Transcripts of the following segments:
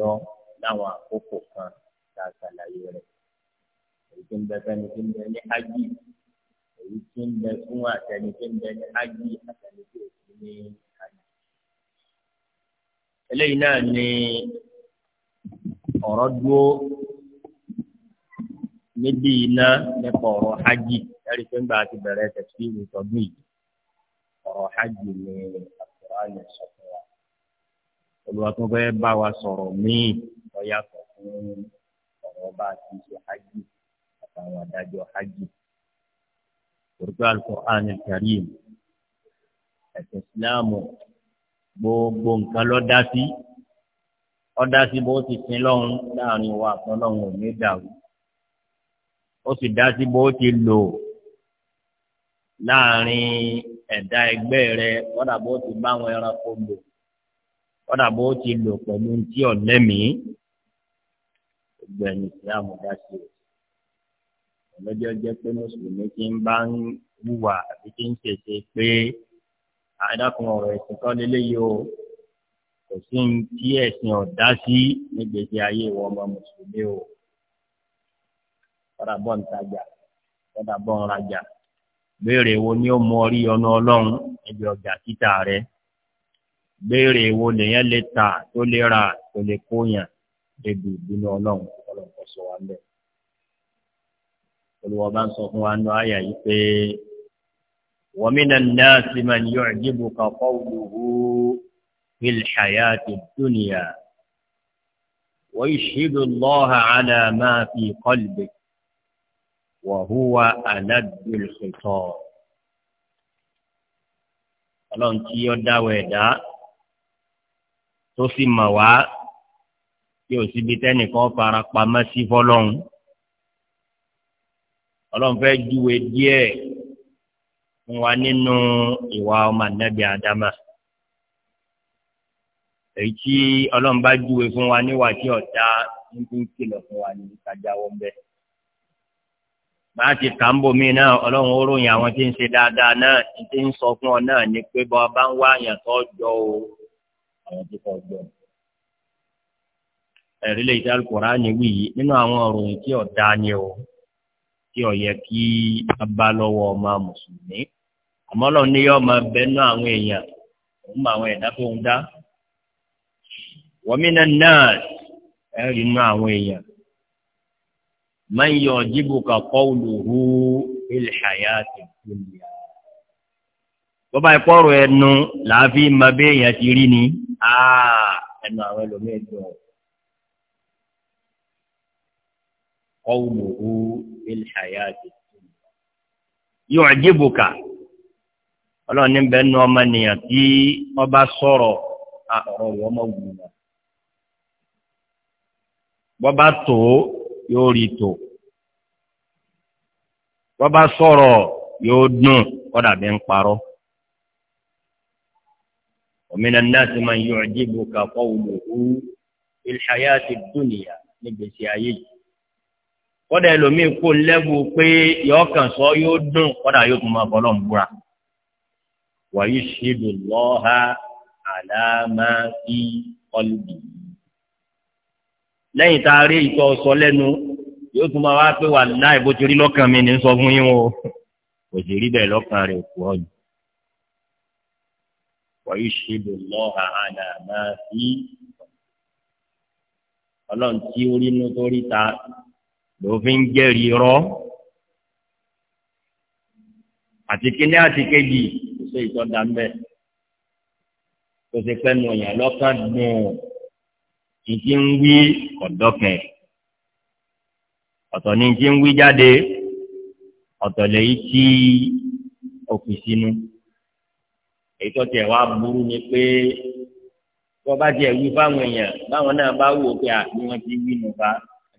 lọ láwọn àkókò kan tá a ṣàlàyé rẹ̀ èyí tí ń bẹ fẹ́ni tí ń bẹ ní ájì èyí tí ń bẹ fún àtẹni tí ń bẹ ní ájì àtẹni tí ò ní ájì. eléyìí náà ni ọ̀rọ̀ dúró níbi iná nípa ọ̀rọ̀ hajj ẹ̀rí pé ńgbà àti bẹ̀rẹ̀ tẹ̀síwì tọdún yìí ọ̀rọ̀ hajj ni àkùrá yẹn olùwà tó fẹ́ bá wa sọ̀rọ̀ míì lọ́yàtọ̀ fún ọ̀rọ̀ bá a ti ṣe hajj àtàwọn adájọ́ hajj. Orúkọ Al-Qur'an Al-Karim ẹ̀sìn Ìsìláàmù gbogbo nǹkan ló dá sí. Ó dá sí bó ti sin lọ́run láàrin wa àtọ́lọ́run ò ní dàrú. Ó sì dá sí bó ti lò láàrin ẹ̀dá ẹgbẹ́ rẹ̀ kọ́dà bó ti bá àwọn ẹranko lò kọ́dà bó ti lò pẹ̀lú ti ọ̀lẹ́mìí gbẹ̀yìn ìsìlámù dá sí o ọlọ́jọ́ jẹ́ pé mùsùlùmí ti ń bá ń wùwà àbí ti ń ṣèṣe pé àdàkùn ọ̀rọ̀ ẹ̀sìn kan lélẹ́yìí o kò sí ní tí ẹ̀sìn ọ̀dá sí nígbèsè ayé ìwọ ọmọ mùsùlùmí o kọ́dà bọ́ ń tajà kọ́dà bọ́ ń rajà béèrè wo ni ó mú ọ rí ọ̀nà ọlọ́run níbi ọjà títà rẹ̀ béèrè wo lèyàn lè ta tó lè ra tó lè kóyàn débi ìbínú ọlọ́run ọlọ́run kò sọ wá ń bẹ̀. olùwọ́ bá ń sọ fún wa nù ayà yìí pé wa minan nasi man yu'jibuka qawluhu fil hayati dunya wa yashhadu Allaha ala ma fi qalbik wa huwa aladdul khitab ọlọ́run tí ó dáwọ̀ ẹ̀dá tó sì mọ̀ wá tí ò síbi tẹ́nìkan fara pamọ́ sí fọlọ́hún ọlọ́run fẹ́ júwe díẹ̀ fún wa nínú ìwà ọmọ ànábì àdámà èyí tí ọlọ́run bá júwe fún wa níwà tí ọ̀tá ń fi ń kìlọ̀ fún wa ní ìtajáwọ́ ń bẹ. bá a ti kà ń bò mí náà ọlọ́run ó ròyìn àwọn tí ń ṣe dáadáa náà tí ń sọ fún ọ náà ni pé bọ́ bá ń wá àyàn tó jọ o àwọn tí kò gbọ́. ẹ̀rí lè dá Al-Kùránì wí yìí nínú àwọn òròyìn tí ọ̀dá ni o tí ó yẹ kí a bá lọ́wọ́ ọmọ mùsùlùmí àmọ́ lọ ní yọ ọmọ bẹ náà àwọn èèyàn òun mọ àwọn ẹ̀dá tó ń dá. wọ́n mìíràn àwọn èèyàn máa ń yọ kàkọ́ òlùhù bọ́bá ìpọ́rọ̀ ẹnu làáfi mọ bí èèyàn ti rí ni ẹnu àwọn ẹlòmíì dùn qawluhu fil hayati yu'jibuka ọlọ́run ní bẹ́ẹ̀ nu ọmọnìyàn tí wọ́n bá sọ̀rọ̀ ọ̀rọ̀ rẹ̀ ọmọ wù wọ́n bọ́bá tó yóò rí tó bọ́bá sọ̀rọ̀ yóò dùn kọ́dà bí ń parọ́. ومن الناس من يعجبك قوله في الحياة الدنيا nígbèsè ayé yìí kódà ẹlòmíì kó lẹ́bù pé yọ kàn sọ yóò dùn kódà yóò tún máa bọ́lọ̀ ń búra wa yashhadu Allaha ala ma fi qalbi lẹ́yìn tá a rí ìtọ́ sọ lẹ́nu yóò tún máa wá pé wà láì bó ti rí lọ́kàn mi ní sọ fún yín o kò sì rí bẹ́ẹ̀ lọ́kàn rẹ̀ kú ọ̀yìn. ويشهد الله على ما فيه ọlọ́run tí ó rí inú tó rí ta ló fi ń jẹ́rìí irọ́ àti kíní àti kejì kò sí ìtọ́jà ńbẹ kò sí pẹ́ẹ́nu èèyàn lọ́kàn dùn ìdí ń wí ọ̀dọ́kẹ́ ọ̀tọ̀ ni ìdí ń wí jáde ọ̀tọ̀ lèyí tí òkú sínú èyí tó tiẹ̀ wá burú ni pé bọ́ bá tiẹ̀ wí fáwọn èèyàn báwọn náà bá wò pé àbí wọ́n ti wí nùbá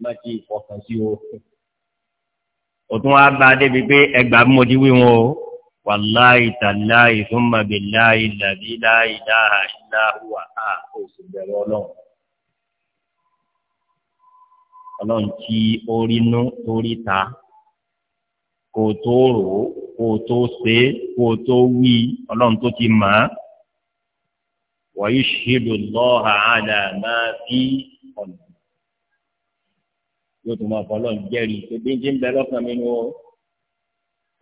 ẹ ti fọkàn sí o. òtún wá bá a débi pé ẹgbà mo ti wí wọn o wàláì tàláì thumma billahi alladhi la ilaha illa oṣù bẹ̀rẹ̀ ọlọ́run. ọlọ́run tí orí nú torí ta kò tó rò ó kò tó ṣe é kò tó wí ọlọ́run tó ti mọ̀ á. wa yashhadu Allaha ala ma fi qalbi. yóò tún máa fọlọ́ jẹ́rìí pé bí n ti ń bẹ lọ́kàn mi ni o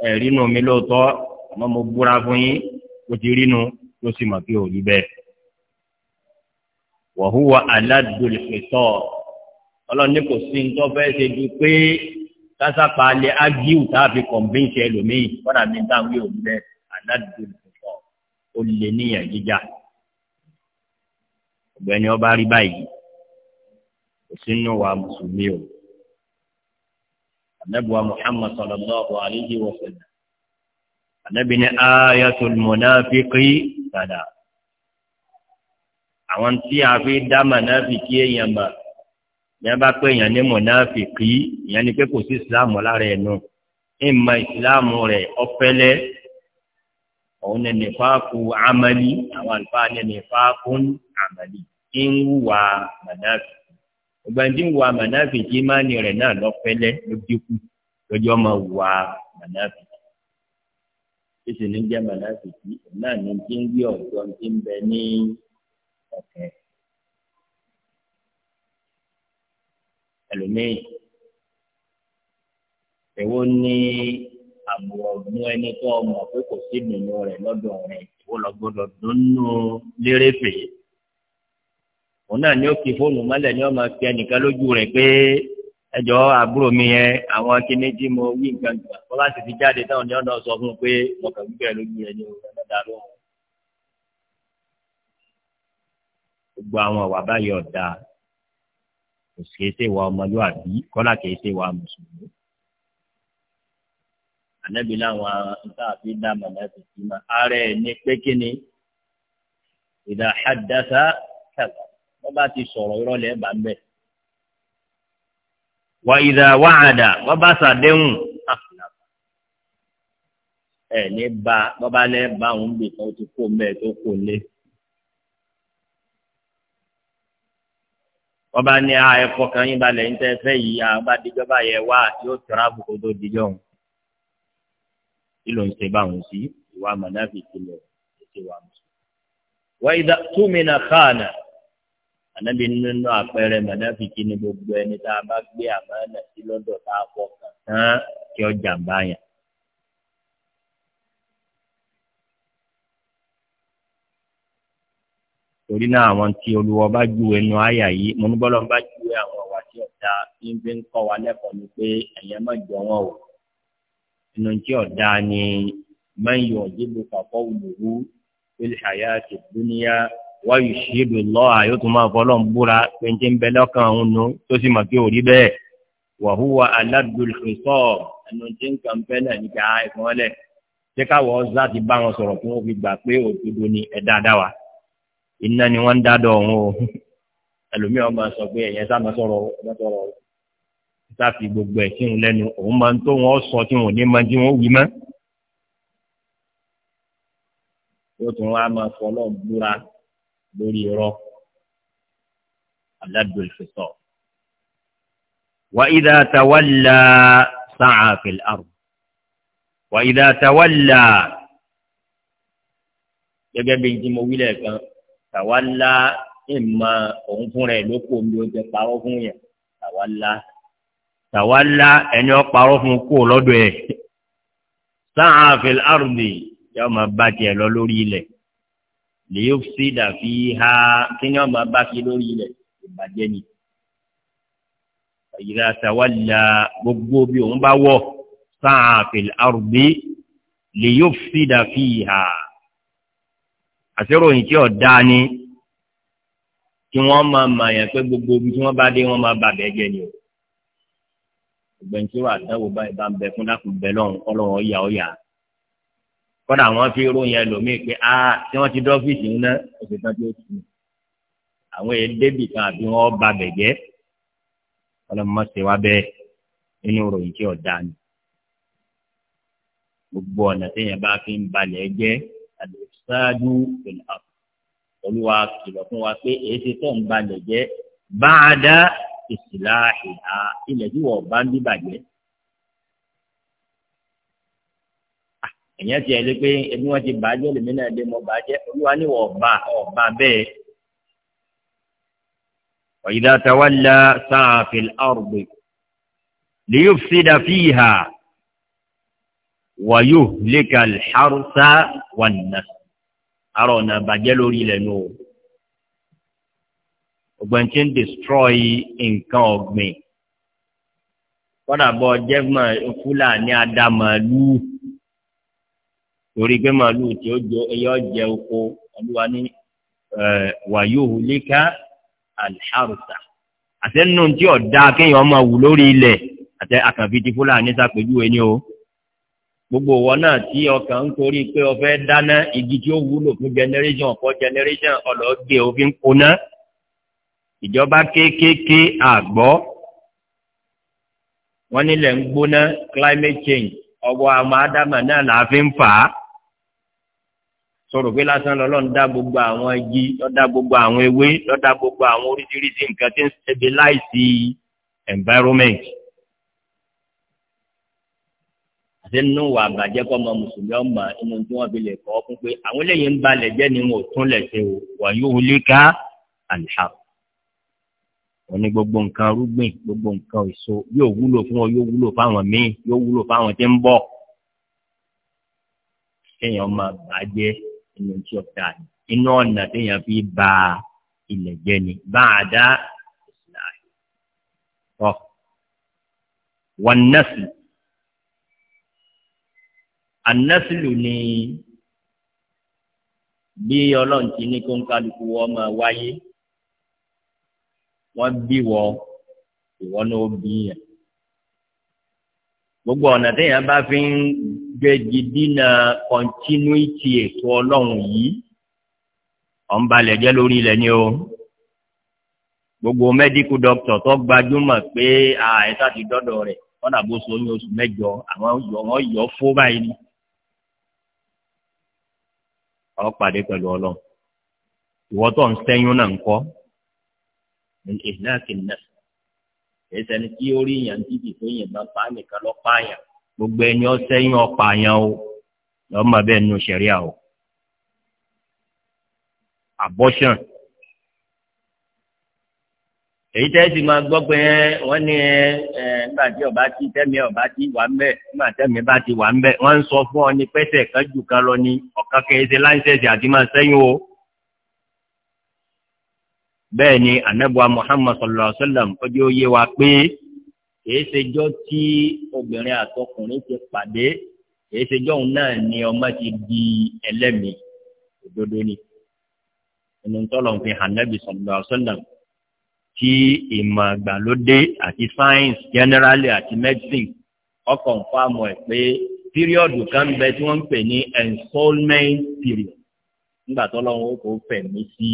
ẹ̀rí nù mí lóòótọ́ àmọ́ mo búra fún yín kó ti rí nu sì mọ̀ pé ò rí bẹ́ẹ̀. wa huwa aladul khitab ọlọ́run ní kò sí ní tó fẹ́ ṣe ju pé kásápá lè ágíù táàfi kọ̀m̀bíǹsì ẹlòmíì kọ́dà mi táwọn yóò lẹ aládùúgbò púpọ̀ ó lè níyàn jíjà ọ̀gbẹ́ni ọba rí báyìí kò sínú wa mùsùlùmí o anabuwa muhammad sallallahu alayhi wa sallam anabi ni ayatul munafiki sada àwọn tí a fi dá mànáfi kí èèyàn máa yẹn bá pé èèyàn ní mọ̀náfìkì ìyẹn ni pé kò sí ìsìláàmù lára ẹ̀ nù ìmọ̀ ìsìláàmù rẹ̀ ọ̀fẹ́lẹ́ òun ní nífàákù amali àwọn àlùfáà ní nífàákù amali kí ń wùwà mọ̀náfìkì ìgbàdí ń wùwà mọ̀náfìkì máa ní rẹ̀ náà lọ́fẹ́lẹ́ ló dínkù lójó máa wùwà mọ̀náfìkì kí sì ní jẹ́ mọ̀náfìkì náà ní kí ń gbé ọ̀dọ́ tí ń bẹ ní ọ̀kẹ́ ẹlòmíì èwo ni àbùrọ̀dún ẹni tó mọ̀ pé kò sí ìdùnnú rẹ̀ lọ́dọ̀ rẹ̀ èwo lọ gbọ́dọ̀ dùnnú lérèfè òun náà ni ó kí fóònù mọ́lẹ̀ ni ó máa fi ẹnìkan lójú rẹ̀ pé ẹjọ àbúrò mi yẹn àwọn kíní tí mo wí nǹkan gbà wọn bá sì fi jáde táwọn ní ọ̀nà sọ fún un pé wọn kàn gbígbẹ lójú rẹ̀ ní ọ̀nà ọ̀dà lóhùn. gbogbo àwọn ọ̀wà báyọ̀ dáa kò sì ṣe wa ọmọlúwàbí kọ́lá kìí ṣe wa mùsùlùmí. ànábì láwọn sáàfin dá mọ̀lẹ́sì sí ma ààrẹ ní pé kí ni ìdá àdásá kàkà wọ́n bá ti sọ̀rọ̀ ìrọ̀lẹ́ bá ń bẹ̀. wà ìdá wàhádà wọ́n bá sàdéhùn ẹ̀ ní bá bọ́bá lẹ́ bá òun bì kan ti kó mẹ́ẹ̀ tó kó lé. wọ́n bá ní ah, ẹ̀fọ́ kan yín balẹ̀ ń tẹ́ fẹ́ yìí àwọn bá dijọ́ báyẹ wá yóò tẹ̀ra àbùkù tó dijọ́ ń. kí ló ń ṣe báwọn sí ìwà mọ̀nàfì kìlọ̀ ètò wa wọ́n ìdá túmínà káànà ànábi nínú àpẹẹrẹ mọ̀nàfì kí ni gbogbo ẹni tá a bá gbé àmọ́ ẹ̀nà sí lọ́dọ̀ tá a fọkàn tán kí ọjà ń bá yàn. torí náà àwọn tí olùwọ́ bá júwe nu àyà yìí mo ní bọ́lọ́ bá júwe àwọn ọ̀wà tí ọ̀dà ń fi ń kọ́ wa lẹ́kọ̀ọ́ ni pé ẹ̀yẹ má jọ wọn o inú tí ọ̀dà ni mẹ́yìn ọ̀dìbò kàkọ́ òlòwú ilẹ̀ àti dúníyà wáyù ṣíbi lọ́ àyò tó máa fọ́ lọ́n búra pé ń bẹ lọ́kàn òun nu tó sì mọ̀ pé ò rí bẹ́ẹ̀ wàhúwa aládùlùfẹ́sọ̀ ẹnu tí ń kàn fẹ́ náà nígbà ẹ̀fọn lẹ̀ ṣé káwọ́ láti bá wọn sọ̀rọ̀ kí wọ́n fi gbà pé òdodo ni ẹ̀dá dá wa iná ni wọ́n ń dádọ̀ ọ̀hún o ẹlòmíì ọmọ sọ pé ẹ̀yẹ sáma sọ̀rọ̀ ọmọ sọ̀rọ̀ sáfi gbogbo ẹ̀ sínú lẹ́nu òun máa ń tó wọn sọ tí wọn ò ní máa tí wọn wí mọ́. yóò tún wá máa fọ ọlọ́run búra lórí irọ́ aládùn ìfẹsọ̀. wà tawàlà sáà fìlà àrùn wà tawàlà gẹ́gẹ́ bí n tí mo wí lẹ́ẹ̀kan tàwálá ìmọ̀ òun fúnra ẹ̀ ló kó omi oúnjẹ parọ́ fún yẹn tàwálá tàwálá ẹni ọ parọ́ fún kó lọ́dọ̀ ẹ̀ sáà fil ardi yọ máa bá tiẹ̀ lọ lórí ilẹ̀ lèyí sí dàbí ha kí ni ọmọ bá fi lórí ilẹ̀ ìbàjẹ́ ni ìlà tàwálà gbogbo bí òun bá wọ̀ sáà fil ardi lèyí sí dàbí ha àtẹròyìn tí ọ̀dá ni kí wọ́n máa mà yàn pé gbogbo ibi tí wọ́n bá dé wọ́n máa bà bẹ́ẹ̀ jẹ́ ni o ìgbẹ̀ntìrò àdáwò báyìí bá ń bẹ fún dákùn bẹ lọ́hùn kọ́lọ́hùn ọ̀yà ọ̀yà kọ́dà wọ́n fi ròyìn ẹlòmíì pé a tí wọ́n ti dọ́fíìsì ń ná oṣù tán tí ó tù àwọn èyí débì kan àbí wọ́n bà bẹ̀ jẹ́ bẹ́ẹ̀ nínú ròyìn tí ọ̀dà ni gbogbo ọ̀nà fasadu fil ard olúwa kìlọ̀ fún wa pé èsì tó ń balẹ̀ jẹ́ báadá ìsìláhìá ilẹ̀ tí wọ́n bá ń bíbàjẹ́. èyàn ah, ti ẹ̀ lé pé ẹbí wọn ti bàjẹ́ lèmi náà lé mọ́ bàjẹ́ olúwa ní wọ́n bá ọ̀bá bẹ́ẹ̀. وإذا تولى سعى في الأرض ليفسد فيها ويهلك الحرث والنسل àrò ọ̀nà àbàjẹ́ lórí ilẹ̀ nù o ọ̀gbọ̀n tí ń destroy nǹkan ọ̀gbìn kọ́dà bọ́ jẹ́gbọ̀n fúlàní adámàlú torí pé màálù tí ó jẹ ẹyọ jẹ oko olúwa ní wàyóò léka alḥarusa àtẹnu tí ọ̀dà kéèyàn máa wù lórí ilẹ̀ àtẹ àkànfi ti fúlàní sàpèjúwe ni o gbogbo wọn náà tí ọkàn ń torí pé o fẹ́ dáná igi tí ó wúlò fún generation ọ̀pọ̀ generation ọlọ́gbé òfin kóná ìjọba kéékèèké àgbọ́ wọ́n nílẹ̀ ń gbóná climate change ọwọ́ àwọn ádámà náà là á fi ń fà á sọ̀rọ̀ pé lásán lọ́lọ́run dá gbogbo àwọn igi lọ́dá gbogbo àwọn ewé lọ́dá gbogbo àwọn oríṣiríṣi nǹkan tí ń stabilize environment. àti nínú wà bàjẹ́ kọ́ ọmọ mùsùlùmí ọmọ inú tí wọ́n fi lè kọ́ ọ fún pé àwọn eléyìí ń balẹ̀ jẹ́ ni wọn ò tún lẹ̀ ṣe o wọ́n yóò lé ká àlùhà. wọ́n ní gbogbo nǹkan rúgbìn gbogbo nǹkan èso yóò wúlò fún ọ yóò wúlò fáwọn míì yóò wúlò fáwọn tí ń bọ̀. kéèyàn máa bàjẹ́ inú tí ó ta inú ọ̀nà téèyàn fi ba ilẹ̀ jẹ́ ni bá a dá ìsìlá anasilu ni bí ọlọ́run ti ní kó ń kálukú wọ́n máa wáyé wọ́n bí wọ́ ìwọ́n náà bí yàn gbogbo ọ̀nà téèyàn bá fi ń gbẹ́gi dínà kọ́ńtínúìtì ètò ọlọ́run yìí ọ̀n balẹ̀ jẹ́ lórí ilẹ̀ ni o gbogbo mẹ́díkù dọ́kítọ̀ tó gbajúmọ̀ pé àìsàn ti dọ́dọ̀ rẹ̀ kọ́nà bó so ní oṣù mẹ́jọ àwọn yọ̀ wọ́n yọ̀ fó báyìí ọ pàdé pẹ̀lú ọlọ́run ìwọ tó ń sẹ́yún náà ń kọ́ ìhìnàkìn náà èyí sẹ́ni tí ó rí yàn dídì tó yàn bá pa á nìkan lọ́ pààyàn gbogbo ẹni ọ sẹ́yún ọ pààyàn o lọ́ọ́ bẹ́ẹ̀ nu sẹ̀ríà o abortion èyí tẹ́ sì máa gbọ́ pé wọ́n ní nígbà tí ọba tí tẹ́mi ọba tí wà ń bẹ̀ nígbà tẹ́mi bá ti wà ń bẹ̀ wọ́n ń sọ fún ọ ní pẹ́sẹ̀ kan kan lọ ní ọ̀kan kẹ́ láńsẹ̀sì àti máa sẹ́yìn o. bẹ́ẹ̀ ni anabuwa muhammad sallallahu alayhi wa sallam ó jẹ́ òye wa pé kìí ṣèjọ́ tí obìnrin àtọkùnrin ti pàdé kìí ṣèjọ́ òun náà ni ọmọ ti di ẹlẹ́mìí òdodo ni. ìnùtọ́lọ̀ fi tí ìmọ̀ àgbàlódé àti science generally àti medicine ọkọ̀ ń fáàmù ẹ̀ pé píríọ̀dù kan ń bẹ tí wọ́n ń pè ní ensoulment period nígbà tó lọ́wọ́ ó kò fẹ̀mí sí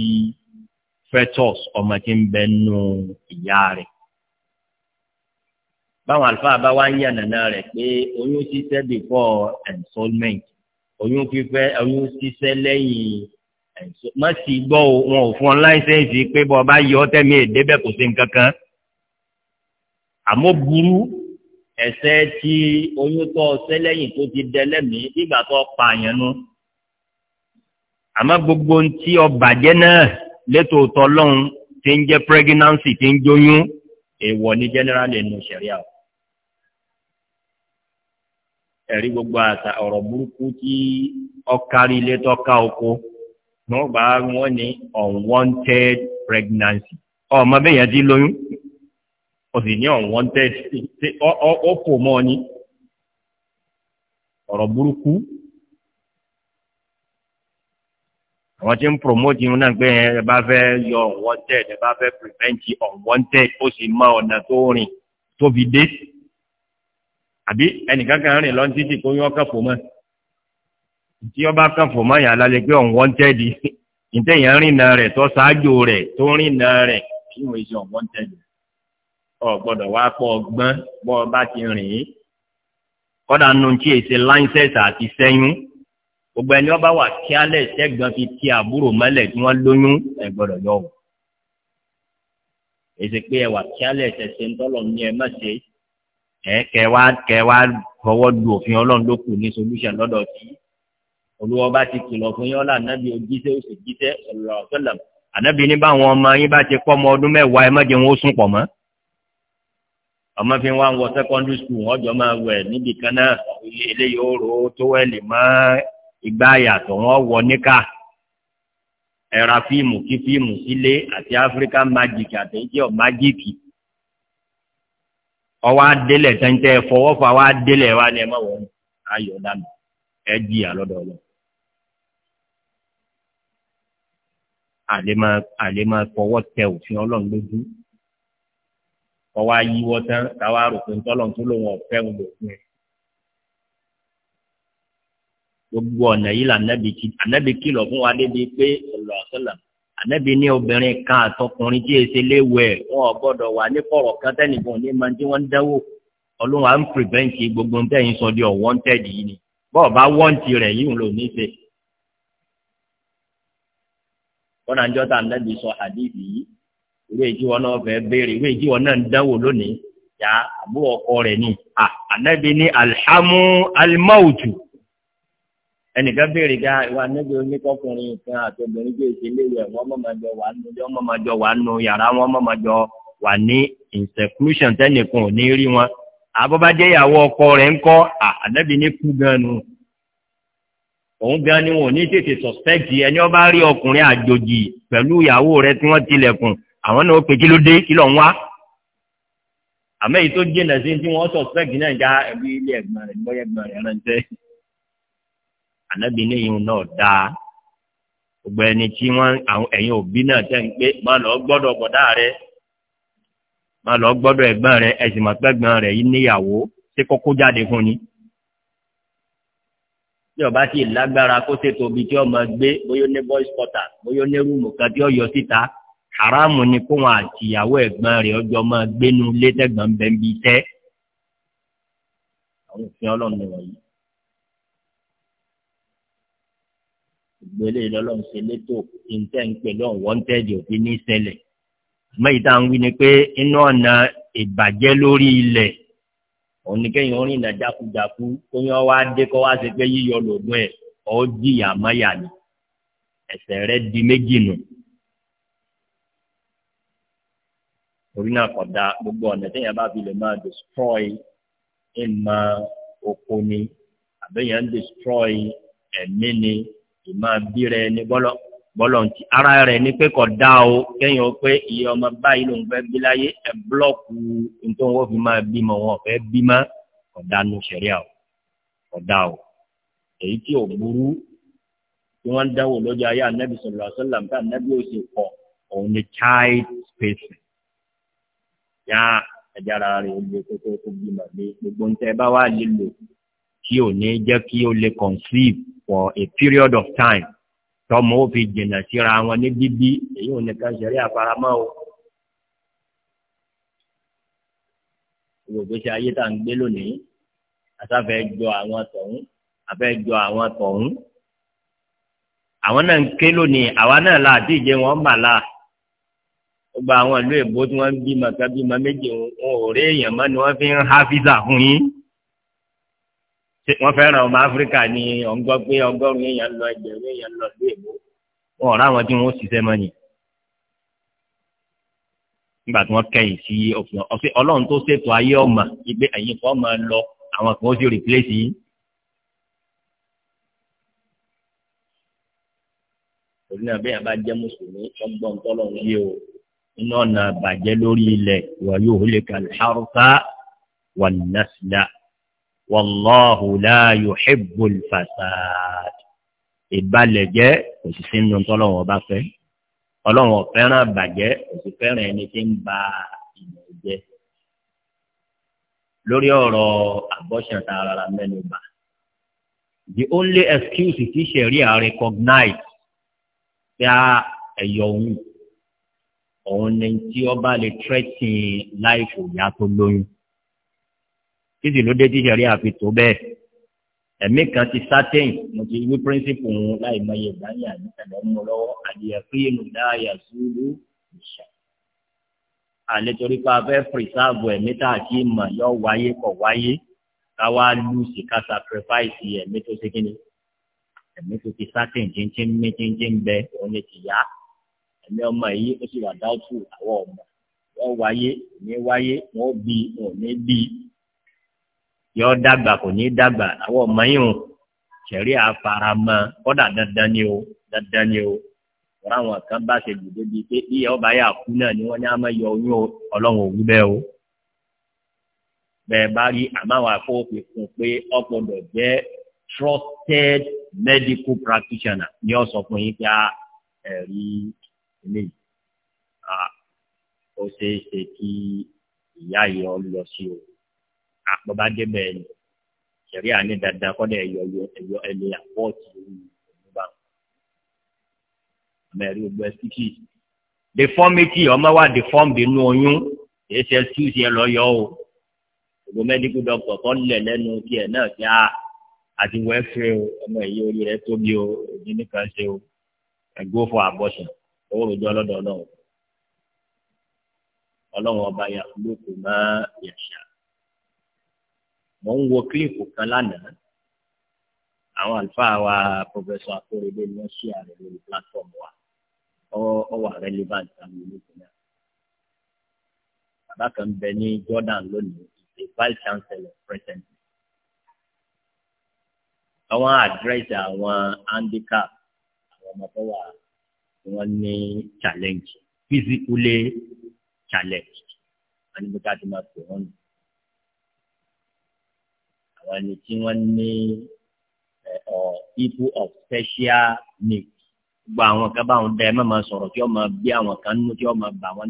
fetus ọmọ tí ń bẹ nù ìyá rẹ̀. báwọn àlùfáà bá wá ń yànnàná rẹ̀ pé oyún ṣíṣẹ́ before ensoulment oyún fífẹ́ oyún ṣíṣẹ́ lẹ́yìn má sì gbọ́ wọn ò fún ọ láìsẹ́ǹsì pé bọ́ ọba yọ ọ́ tẹ́mi èdè bẹ́ẹ̀ kò sí nǹkan kan àmọ́ burú ẹ̀ṣẹ̀ tí oyún tó ọsẹ lẹ́yìn tó ti dẹ lẹ́mìí nígbà tó pa àyàn nu àmọ́ gbogbo ohun tí ọbàjẹ́ náà létò tọ́lọ́hún ti ń jẹ́ pregnancy ti ń jóyún èèwọ̀ ní general ẹnu sẹ̀ríà o ẹ̀rí gbogbo àṣà ọ̀rọ̀ burúkú tí ọkárí ilé ká oko wọ́n bá wọ́n ní unwanted pregnancy ọmọ bẹ́yàn ti lóyún ó sì ní unwanted ó kò mọ́ ní ọ̀rọ̀ burúkú àwọn tí ń promote irun náà pé ẹ bá fẹ́ yọ unwanted ẹ bá fẹ́ prevent unwanted ó sì mọ ọ̀nà tó rìn tó fi dé àbí ẹnìkan kan rìn lọ́n títì kó yọ ọkọ̀ fò mọ́ ẹ tí ọba kan fò máa yàn alálẹ́ pé ọ̀hún wọ́ntẹ́dì ìtẹ̀yàn rìnà rẹ̀ tó ṣáájú rẹ̀ tó rìnà rẹ̀ kí wọ́n ṣe wọ́ntẹ́dì ọ̀ gbọ́dọ̀ wá pọ̀ ọgbọ́n bọ́ ọba ti rìn ín kọ́dà nù tí èsì láńsẹ̀sì àti sẹ́yìn gbogbo ẹni ọba wà kí alẹ́ sẹ́gbọ́n fi ti àbúrò mọ́lẹ̀ tí wọ́n lóyún ẹ̀ gbọ́dọ̀ yọ wọ̀ èsì pé ẹ wà kí alẹ́ ṣẹ̀ṣẹ̀ ń ní ẹ olùwọ́ bá ti kìlọ̀ fún yín ọ̀la ànábì òjíṣẹ́ oṣù jíṣẹ́ ọ̀rọ̀ ọ̀sọ́làm ànábì ní báwọn ọmọ yín bá ti kọ́ ọmọ ọdún mẹ́wàá ẹ má jẹ́ wọn ó sùn pọ̀ mọ́ ọmọ fi wá ń wọ secondary school wọn jọ máa wẹ̀ níbi kan náà ilé yóò ro tówẹ́lì mọ́ ìgbà yàtọ̀ wọn wọ níkà ẹ̀ra fíìmù kí fíìmù sílé àti African magic àtẹ̀jẹ́ májíìkì ọwọ́ adélẹ̀ tẹ́ńtẹ́ fọwọ́fà wá adélẹ̀ wá ní ẹ má wọ̀ ayọ̀ dànù ẹ jìyà lọ́dọ̀ ọlọ́run. àlè máa fọwọ́ tẹ òfin ọlọ́run lójú ọwọ́ ayíwọ́ tán táwa rò pé ntọ́lọ́run tó lòun ọ̀fẹ́ ń lò fún ẹ. gbogbo ọ̀nà yìí là ànábì kìlọ̀ fún wa débi pé ọ̀lọ́ àṣọlá ànábì ní obìnrin kan àtọkùnrin tí èsì léwẹ̀ wọn ò gbọ́dọ̀ wà ní kọ̀rọ̀ kan tẹ́nìkan ní máa tí wọ́n ń dáwọ́ ọlọ́run à ń prevent gbogbo ntẹ́yìn sọ di unwanted yìí ni bọ́ọ̀ bá wọ́ǹtì rẹ̀ yìí ń lò ní í wọn náà ń jọta ànábì sọ àdìbì yìí ìwé ìjì wọn náà fẹẹ béèrè ìwé ìjì wọn náà ń dánwò lónìí ọkọ rẹ ni ní alhamu alimautu ẹnìkan béèrè ká ìwà ànábì oníkọkùnrin kan àti obìnrin bíi èsì iléèwé wọn mọ̀mọ́jọ wà nù yọ wà nù yàrá wọn wà ní inseclusion ò gan òun gan ni wọn ò ní tètè suspect ẹni ọba rí ọkùnrin àjòjì pẹ̀lú ìyàwó rẹ tí wọ́n tilẹ̀kùn àwọn náà ó pe kí ló dé kí ló ń wá àmọ́ èyí tó jìnà sí tí wọ́n suspect náà já ẹbí ilé ẹ̀gbọ́n rẹ̀ bọ́yá ẹ̀gbọ́n rẹ̀ rántẹ́ ànábì ní ìhun náà dáa gbogbo ẹni tí wọ́n àwọn ẹ̀yin òbí náà tẹ́ ń pé má lọ gbọ́dọ̀ gbọ́dọ̀ tí ọba ti lágbára kó ṣètò ibi tí ọmọ gbé bóyá ní boys quarter bóyá ní rúùmù kan tí ó yọ síta haramu ni kó wọn àtìyàwó ẹ̀gbọ́n rẹ̀ ọjọ́ máa gbénu létẹ̀gbọ́n bẹ́ńbí tẹ́ àwọn òfin ọlọ́run ni wọ̀nyí. ìgbélé lọ́lọ́run ṣe létò ìǹtẹ́ ń pè lọ́run wọ́ntẹ́ẹ̀dì òfin ní ṣẹlẹ̀ àmọ́ ìta ń wí ni pé inú ọ̀nà ìbàjẹ́ lórí ilẹ̀ òun ni kéèyàn rìn náà jákujáku kéèyàn wá dé kó wá ṣe pé yíyọ lògùn ẹ̀ ọ́ jìyà máyà ni ẹ̀ṣẹ̀ rẹ̀ di méjì nù. torí náà kò dáa gbogbo ọ̀nà téèyàn bá fi lè máa destroy ìmọ̀ oko ni àbẹ̀yàn destroy ẹ̀mí ni ìmọ̀ bírẹ̀ ni bọ́lọ́ bọ́lọ̀ntì ara rẹ̀ ní pé kọ̀ dá o kẹ́yìn o pé iye ọmọ báyìí ló ń fẹ́ bí láyé ẹ búlọ́ọ̀kù nítorí wọ́n fi máa bímọ wọn fẹ́ bímọ ọ̀dà sẹ̀ríà o ọ̀dà o èyí tí ò burú tí wọ́n ń dáwò lójú ayé anabi sallallahu alaihi wasallam tí anabi sì pọ̀ òun ni child spacing yá ẹja ara rẹ̀ ó lè kókó tó bímọ ní gbogbo nǹkan ẹ bá wà lílò tí ò ní jẹ́ kí ó lè conceive for a period of time tọmọ ó fi jìnnà síra wọn ní bíbí èyí ò ní ká ṣẹlẹ̀ àfaramọ́ o. ìwògbésí ayé tá à ń gbé lónìí asáfẹ́ jọ àwọn tọ̀hún afẹ́ jọ àwọn tọ̀hún. àwọn náà ń ké lónìí àwa náà la àdíje wọn mà la gbogbo àwọn ìlú èbó tí wọ́n bímọ ká bímọ méje wọn ò rí èèyàn mọ́ ni wọ́n fi ń ha fún yín wọ́n fẹ́ràn ọmọ áfíríkà ní ọ̀ngọ́ pé ọgọ́rùn èèyàn lọ ẹgbẹ̀rún èèyàn lọ sí èbó wọn ọ̀rọ̀ àwọn tí wọ́n ṣiṣẹ́ mọ́ ni. nígbà tí wọ́n kẹ́yìn sí òfin ọ̀sẹ̀ ọlọ́run tó ṣètò ayé ọmọ ìgbé ẹ̀yìn kan máa lọ àwọn kan ó sì rìpléṣì òun náà bẹ́ẹ̀ bá jẹ́ mùsùlùmí ọgbọ́n tọ́lọ̀ ń yé o iná ọ̀nà àbàjẹ́ lórí ilẹ̀ wọ̀ yóò lè kàlẹ́ wàlláhu láàyò hibbul fasad ìbalẹ̀ jẹ́ kò sì sí nínú tọ́lọ́wọ́n bá fẹ́ ọlọ́wọ́n fẹ́ràn bàjẹ́ kò sì fẹ́ràn ẹni tí ń ba ìmọ̀ jẹ́ lórí ọ̀rọ̀ abortion tá a rárá mẹ́nu bà the only excuse ti ṣẹ̀ríà recognize bí a ah, ẹ̀yọ̀ òun òun ni tí ọba lè threaten life ìyá tó lóyún kí sì ló dé tí sẹ̀rí àfi tó bẹ́ẹ̀ ẹ̀mí kan ti sátẹ̀yìn mo ti wí píríncípù wọn láì mọye ìdáyà ní ẹ̀rọ mú lọ́wọ́ àdìyẹ̀kí ìlú dáyà sùúrù ìṣà àlẹ́ torí pé a fẹ́ pírísàvù ẹ̀mí tá a ti mọ̀ yọ wáyé kọ̀ wáyé ká wá lùsì ká sacrifice ẹ̀mí tó ṣe kíni ẹ̀mí tó ti sátẹ̀yìn chinchin mí chinchin bẹ òun ni ti yá ẹ̀mí ọmọ yìí ó sì wà dáútù àwọn ọmọ yọ wáyé ní wáyé wọn bí wọn yọ dàgbà kò ní dàgbà àwọn ọmọ yìí o sẹ̀rí àfaramọ́ kọ́dà dandan ni o dandan ni o ọ̀rọ̀ àwọn kan bá ṣe jù débi pé iye ọba yà kú náà ni wọ́n ní àmọ́ yọ oyún ọlọ́run òwú bẹ́ẹ̀ o bẹ́ẹ̀ bá rí àmọ́ àwọn afọ́wọ́pẹ́ fún pé ọ̀pọ̀lọpọ̀ jẹ́ trusted medical practitioner ni ó sọ fún yín pé ah, ẹ̀rí eléyìí ah, ó ṣeé ṣe kí ìyá yìí ọ lọ sí o àpọ̀bá débẹ̀ ẹ̀ ṣẹ̀rí àní dáadáa kọ́dẹ̀ ẹ̀yọ ẹ̀yọ ẹ̀lẹ́ àpọ́ọ̀tì ìlú bá mẹ́rin gbogbo ẹ̀sìkì deformity ọmọ wa deformed inú oyún kìí ṣe excuse yẹn lọ́yọ́ o gbogbo medical doctor kọ́ lẹ̀ lẹ́nu tiẹ̀ náà kí ah, a àti wẹ́fẹ́ o ọmọ èyí orí rẹ tóbi o èyí nìkan ṣe o ẹ̀ go for abortion owó rojọ́ lọ́dọ̀ náà ọlọ́run ọba yà lóko máa yà ṣá mò ń wo kílíìpù kan lánàá àwọn àlùfáà wa pọfẹsọ akérèdé ni wọn ṣí ààrẹ lórí platform wa ọ wà relevant àmì olóògùn náà bàbá kan bẹ ní Jordan lónìí the vice chancellor present àwọn àdírẹ́sì àwọn handicap àwọn ọmọ tó wà wọn ní challenge physically challenge wọn ní bí ká ti máa pè wọn nù àwọn ẹni tí wọ́n ní people of special needs. gbogbo àwọn kan báwọn dá ẹ má máa sọ̀rọ̀ tí wọ́n máa bí àwọn kan nínú tí wọ́n máa bà wọ́n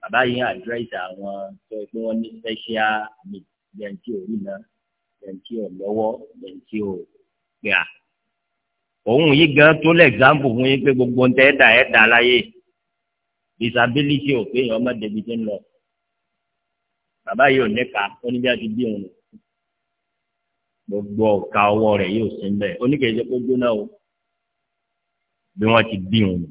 bàbá yìí àdírẹ́sì àwọn tó ẹ pé wọ́n ní special needs, bẹ́ẹ̀ tí ò rí náà bẹ́ẹ̀ tí ò lọ́wọ́ bẹ́ẹ̀ tí ò gbé à òun yìí gan tó lè example fún yín pé gbogbo ń tẹ ẹ dà láyé disability ò pé èèyàn má débi tó ń lọ bàbá yìí ò ní ká ó ní bí a ti bí òun gbogbo ọ̀ka ọwọ́ rẹ̀ yóò sí mbẹ́ oníkèéjẹ́ kó gbóná o bí wọ́n ti bí wọn.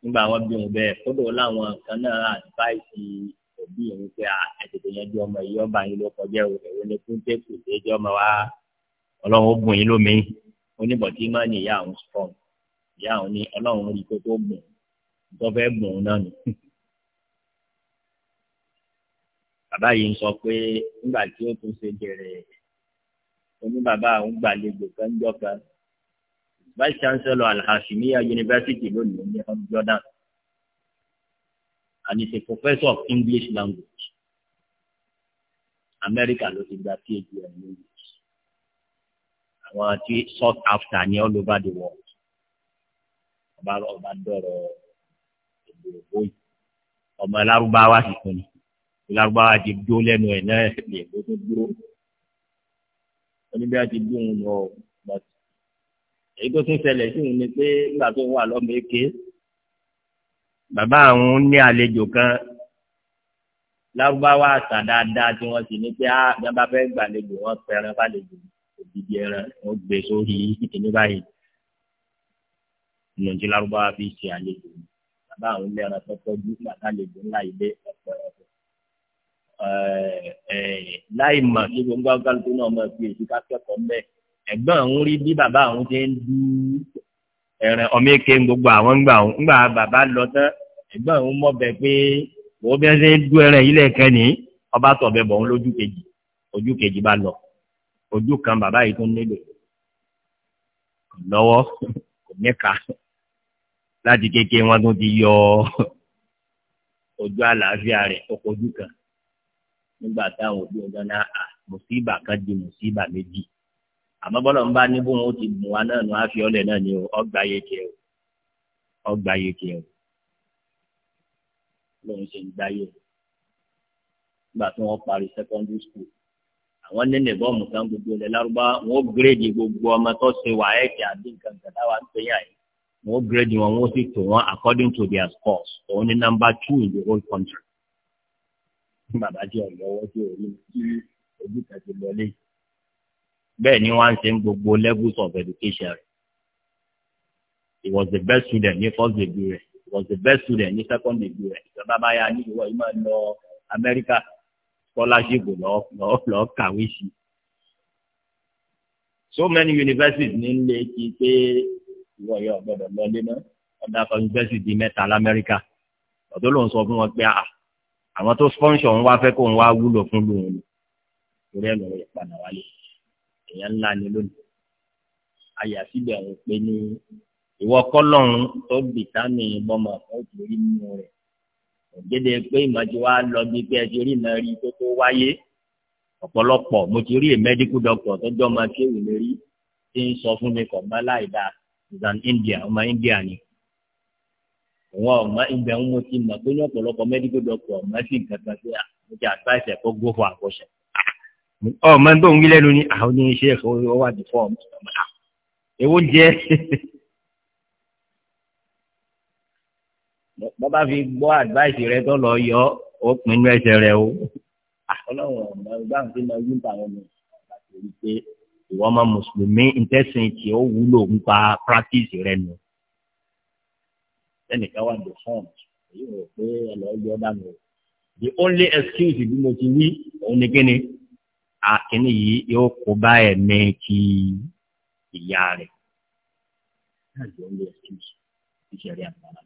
nígbà wọn bí wọn bẹ́ẹ̀ kódò láwọn kan náà àdìbáìsì òbí yẹn pé àtẹ̀tẹ̀ yẹn di ọmọ yìí ọba yìí ló kọjá o ẹ̀wọ́ ni kó tẹ́ kù jẹ́ ọmọ wa ọlọ́run ó bùn yín lómi oníbọ̀tí má ní ìyá àwọn strong ìyá àwọn ní ọlọ́run rí kó tó tó fẹ́ bùn náà nù. bàbá yìí ń sọ pé nígbà tí ó tún ṣe bẹ̀rẹ̀ oní bàbá àwọn gbàlejò kan jọ kan vice chancellor alhashimiya university lónìí ní ọdún jordan and is a professor of english language america ló ti gba phd ẹ̀ lónìí àwọn tí sought after ní all over the world ọba ọba dọ̀rọ̀ èdè òbó yìí ọmọ lárúbáwá sì fún ni lágbára ti dúró lẹ́nu ẹ̀ náà lè kó tó dúró oníbíà ti dúró ń lọ bàtì èyí tó tún ṣẹlẹ̀ sí òun ni pé nígbà tó wà lọ́mọ èké bàbá àwọn ní àlejò kan lárúbáwá àṣà dáadáa tí wọ́n sì ní pé ah, á dábà fẹ́ gbàlejò wọn pẹran fàlejò òdìdí ẹran wọn gbé sórí ìkíní báyìí nùjí lárúbáwá fi ṣe àlejò bàbá àwọn ní ẹran tọ́tọ́jú gbàtàlejò ńlá ilé ọ̀pọ̀ ẹran láì mọ̀ kí gbogbo agbálùkù náà mọ̀ fi èsì kákẹ́kọ̀ọ́ mbẹ́ ẹ̀gbọ́n àwọn rí bí bàbá àwọn ti ń dú ẹ̀rìn ọmọ èké gbogbo àwọn ńgbà àwọn ńgbà bàbá lọ tán ẹ̀gbọ́n àwọn mọ̀ bẹ́ẹ̀ pé wọ́n bí wọ́n ṣe ń dú ẹ̀rìn yìí lẹ́ẹ̀kẹ́ ní ọba tọ̀ bẹ́ẹ̀ bọ̀ wọn lójú kejì ojú kejì bá lọ ojú kan bàbá yìí tó nílò lọ́wọ́ kò níka láti kékeré wọn tó ti yọ ojú àlàáfíà rẹ̀ ọkọ̀ ojú kan nígbà táwọn òbí ọjọ́ náà à mùsíbà kan di mùsíbà méjì àmọ́ bọ́lá ń bá ní bóun ó ti bùn wa náà nù áfi ọlẹ̀ náà ni ọgbà yé o ọgbà yé o lóun ṣe ń gbáyé nígbà tí wọ́n parí secondary school àwọn nínú ìbọn mùsàn gbogbo ilẹ̀ lárúbá wọn ó gírèdì gbogbo ọmọ tó ṣe wà ẹ̀kẹ́ àbí nǹkan nǹkan táwa ń pè yàn yìí wọn ó gírèdì wọn wọn ó sì tò wọn according to their scores òun ní number two in the whole country bàbá tí ò lọ́wọ́ tí ò rí tí ojú kan ti lọ lé bẹ́ẹ̀ ni wọ́n á ń gbogbo levels of education rẹ̀ he was the best student ní first degree rẹ̀ he was the best student ní second degree rẹ̀ ìjọba bá yà ní ìwọ yìí máa lọ Amẹ́ríkà scholarship lọ lọ lọ kàwé sí i so many universities ní ń lé kí pé ìwọ yìí ọ̀gbọ́dọ̀ lọ lé náà ọ̀dà kan university mẹ́ta lamẹ́ríkà ọ̀dọ́ ló ń sọ fún wọn pé ah àwọn tó spọ́nṣọ̀ ń wá fẹ́ kó ń wá wúlò fún lòun ni torí ẹ̀ lọ́wọ́ ìpadà wálé èèyàn ńlá ni lónìí àyà síbẹ̀ ń pè ní ìwọ kọ́lọ́run tó bìtámì bọ́mọ ọ̀hún ti rí nínú rẹ̀ ògede pé ìmọ̀jú wa lọ bí pé ẹ ti rí ìmọ̀ rí tó tó wáyé ọ̀pọ̀lọpọ̀ mo ti rí a medical doctor tọ́jú ọmọ akéwì lérí tí ń sọ fún mi kọ̀ bá láì India ọmọ India ni wọn ọmọ ibẹ̀ ń mo ti mọ̀ pé ní ọ̀pọ̀lọpọ̀ medical doctor ọmọ sì nǹkan kan sí àti ah, advice ẹ̀kọ́ go for abortion. Ah, ọmọ tó ń wí lẹ́nu ní àwọn ah, ní iṣẹ́ ẹ̀fọ́ wà ní fọ́ọ̀mù èwo jẹ́ bọ́ bá fi gbọ́ advice rẹ tó lọ yọ ó pinnu ẹsẹ̀ rẹ o. ọlọ́run ọ̀nà ìgbàhùn tí mo yí ń pa àwọn ọmọ ìgbà ọmọ mùsùlùmí ń tẹ̀sìn ó wúlò ń pa practice rẹ nù ẹnìkan wà lè fọ́ọ̀mù èyí wò pé ẹlẹ́yọ dànù o the only excuse bí mo ti wí òun ni kíni àkíní yìí yóò kó bá ẹ̀mí ti ìyá rẹ̀ the only excuse ìṣẹ̀rí àgbàlá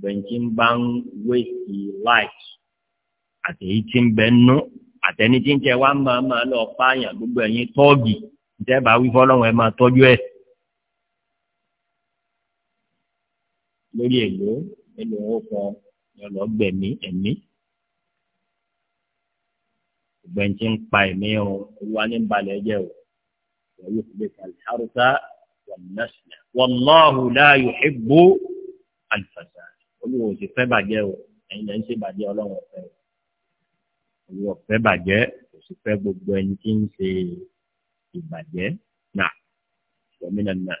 bẹ̀ǹtì bá ń wéèkì láìs àtẹ̀yí tí ń bẹ nú àtẹ̀ní tí ń tẹ wá máa máa lọ pààyàn gbogbo ẹ̀yìn tọ́ọ̀gì ìtẹ́ bá wí fọ́lọ́run ẹ̀ máa tọ́jú ẹ̀. lórí èlò èlò owó kan yọlọ gbẹ̀mí ẹ̀mí gbẹ̀ntì ń pa ẹ̀mí o olúwa ní balẹ̀ jẹ́ o wọ́n yóò fi lè kàlẹ́ àrùtá wọ́n nẹ́sìlẹ̀ wallahu la yuhibbu àlùfàṣà olúwa òsì fẹ́ bàjẹ́ o ẹ̀yin lẹ́yìn ṣe bàjẹ́ ọlọ́run ọ̀fẹ́ o olúwa ọ̀fẹ́ bàjẹ́ òsì fẹ́ gbogbo ẹni tí ń ṣe ìbàjẹ́ náà wọ́n náà.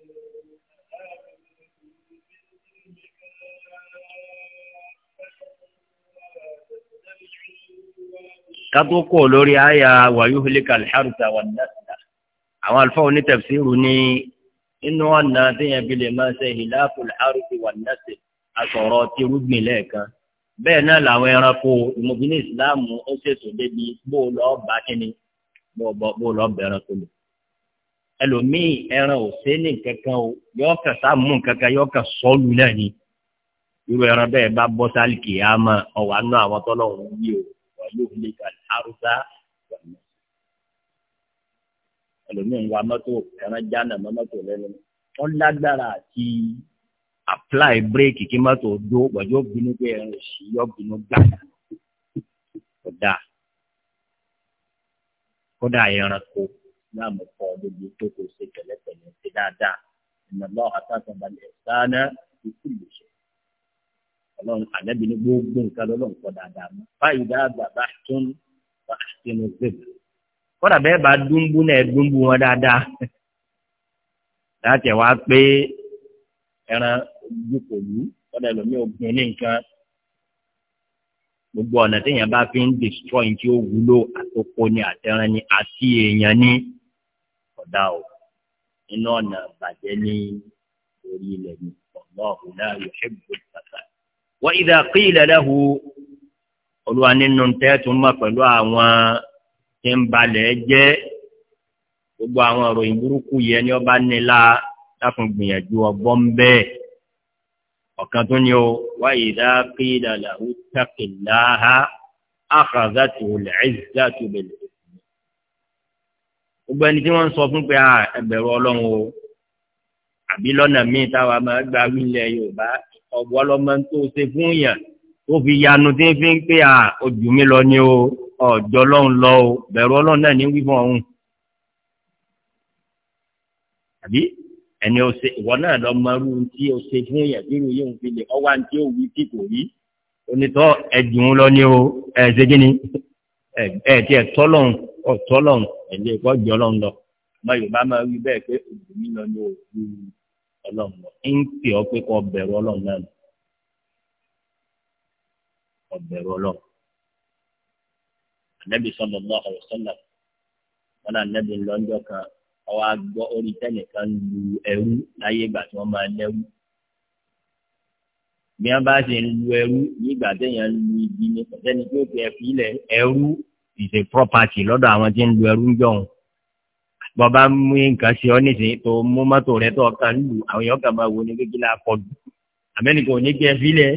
kátókò lórí àyà wàyúhìlíkà alḥarta wà nàṣà àwọn àlùfáà onítẹ̀fsíìrù ní inú ọ̀nà téèyàn fi máa ṣe ìlàkù alḥarta wà nàṣà àsọ̀rọ̀ tí rúgbìn lẹ́ẹ̀kan bẹ́ẹ̀ náà làwọn ẹranko ìmọ̀bí ìsìláàmù ó ṣètò débi bó lọ́ọ́ bá bó lọ́ọ́ bẹ̀rẹ̀ tó ẹlòmíì ẹran ò sé ní kankan o yọ kàn sáàmù kankan yọ kàn sọ́ọ̀lù náà ni irú ẹran bẹ́ẹ̀ bá bọ́ sálìkì á mọ ọ̀wà nù àwọn tọ́lọ̀ ń wí o wà yóò lè ka arúgbá wọ̀nyí. ẹlòmíì ń wa mọ́tò ẹran jáná mọ́tò lẹ́nu wọ́n lágbára àti apply brake kí mọ́tò dó gbọ́dọ̀ bínú pé ẹran òsì yọ bínú gbà kódà kódà ẹran kó islam kọ́ lórí pé kò ṣe tẹ̀lẹ́tẹ̀lẹ́ ṣe dáadáa inna Allaha kataba al-ihsana fi kulli shay. ọlọ́run àlẹ́bí ní gbogbo nǹkan lọ́lọ́run kọ́ dáadáa mọ́ báyìí dáadáa bá tún bá sínú gbèbè. kọ́dà bẹ́ẹ̀ bá dúnbú náà dúnbú wọn dáadáa. láti wá pé ẹran ojú kò lú kọ́dà ẹlòmíì obìnrin ní nǹkan gbogbo ọ̀nà téèyàn bá fi ń destroy tí ó wúlò àtòkò ni àtẹran ni àti èèyàn ni kọ̀dá o iná ọ̀nà bàjẹ́ ní orí ilẹ̀ ní Allahu la yuhibbu al-fasad. wa idha qila lahu olúwa nínú tẹ́tù mọ́ pẹ̀lú àwọn tí ń balẹ̀ jẹ́ gbogbo àwọn ìròyìn burúkú yẹn ni ọba nílá láfún gbìyànjú ọgbọ́n bẹ́ẹ̀ ọ̀kan tó ní o wa idha qila lahu ittaqillaha akhadhathu al-izzatu bil gbogbo ẹni tí wọ́n ń sọ fún pé ẹ bẹ̀rù Ọlọ́run o àbí lọ́nà míì táwa máa gba wílẹ̀ Yorùbá ọ̀gbọ́ ọlọ́mọ tó ṣe fún yàn tó fi yanu tí ń fi ń pé ojú mi lọ ni o ọ̀jọ́ Ọlọ́run lọ o bẹ̀rù Ọlọ́run náà ní wíwọ̀n ọ̀hún. àbí ẹni ọ̀sẹ̀ ìwọ náà lọ mọrú tí o ṣe fún yàn bí irun yóò fi lè ọwọ́ àti òwú tí kò rí onítọ̀ ẹ̀dùn lọ ni o ẹ̀ ṣe kí ni ẹ̀ ẹ̀ tí ẹ̀ tọ́lọ́hún ẹ̀jẹ̀ kọ́ jọ ọlọ́run lọ ọmọ yorùbá máa wí bẹ́ẹ̀ pé òbí mi lọ ní òbí ọlọ́run lọ ń pè ọ́ pé kọ́ bẹ̀rù ọlọ́run náà kọ́ bẹ̀rù ọlọ́run anabi sallallahu alaihi wasallam wọn náà nẹbi lọ́jọ́ kan ọwọ́ agbọ́ orí kan, lu ẹrú láyé ìgbà tí wọ́n máa lẹ́rú bí wọ́n bá ṣe lu ẹrú nígbà téèyàn lu ibi ní kọ̀tẹ́ni tó fi ẹ̀ fi ẹrú is a property lọ́dọ̀ àwọn tí ń lu ẹrú ń jọ̀hún bọ́bá mú nǹkan ṣe ọ́ nísìnyí tó mú mọ́tò rẹ tó ọkàn lù àwọn èèyàn kan máa wo ní kékeré akọlù àmẹ́nìkan ò ní kí ẹ fílẹ̀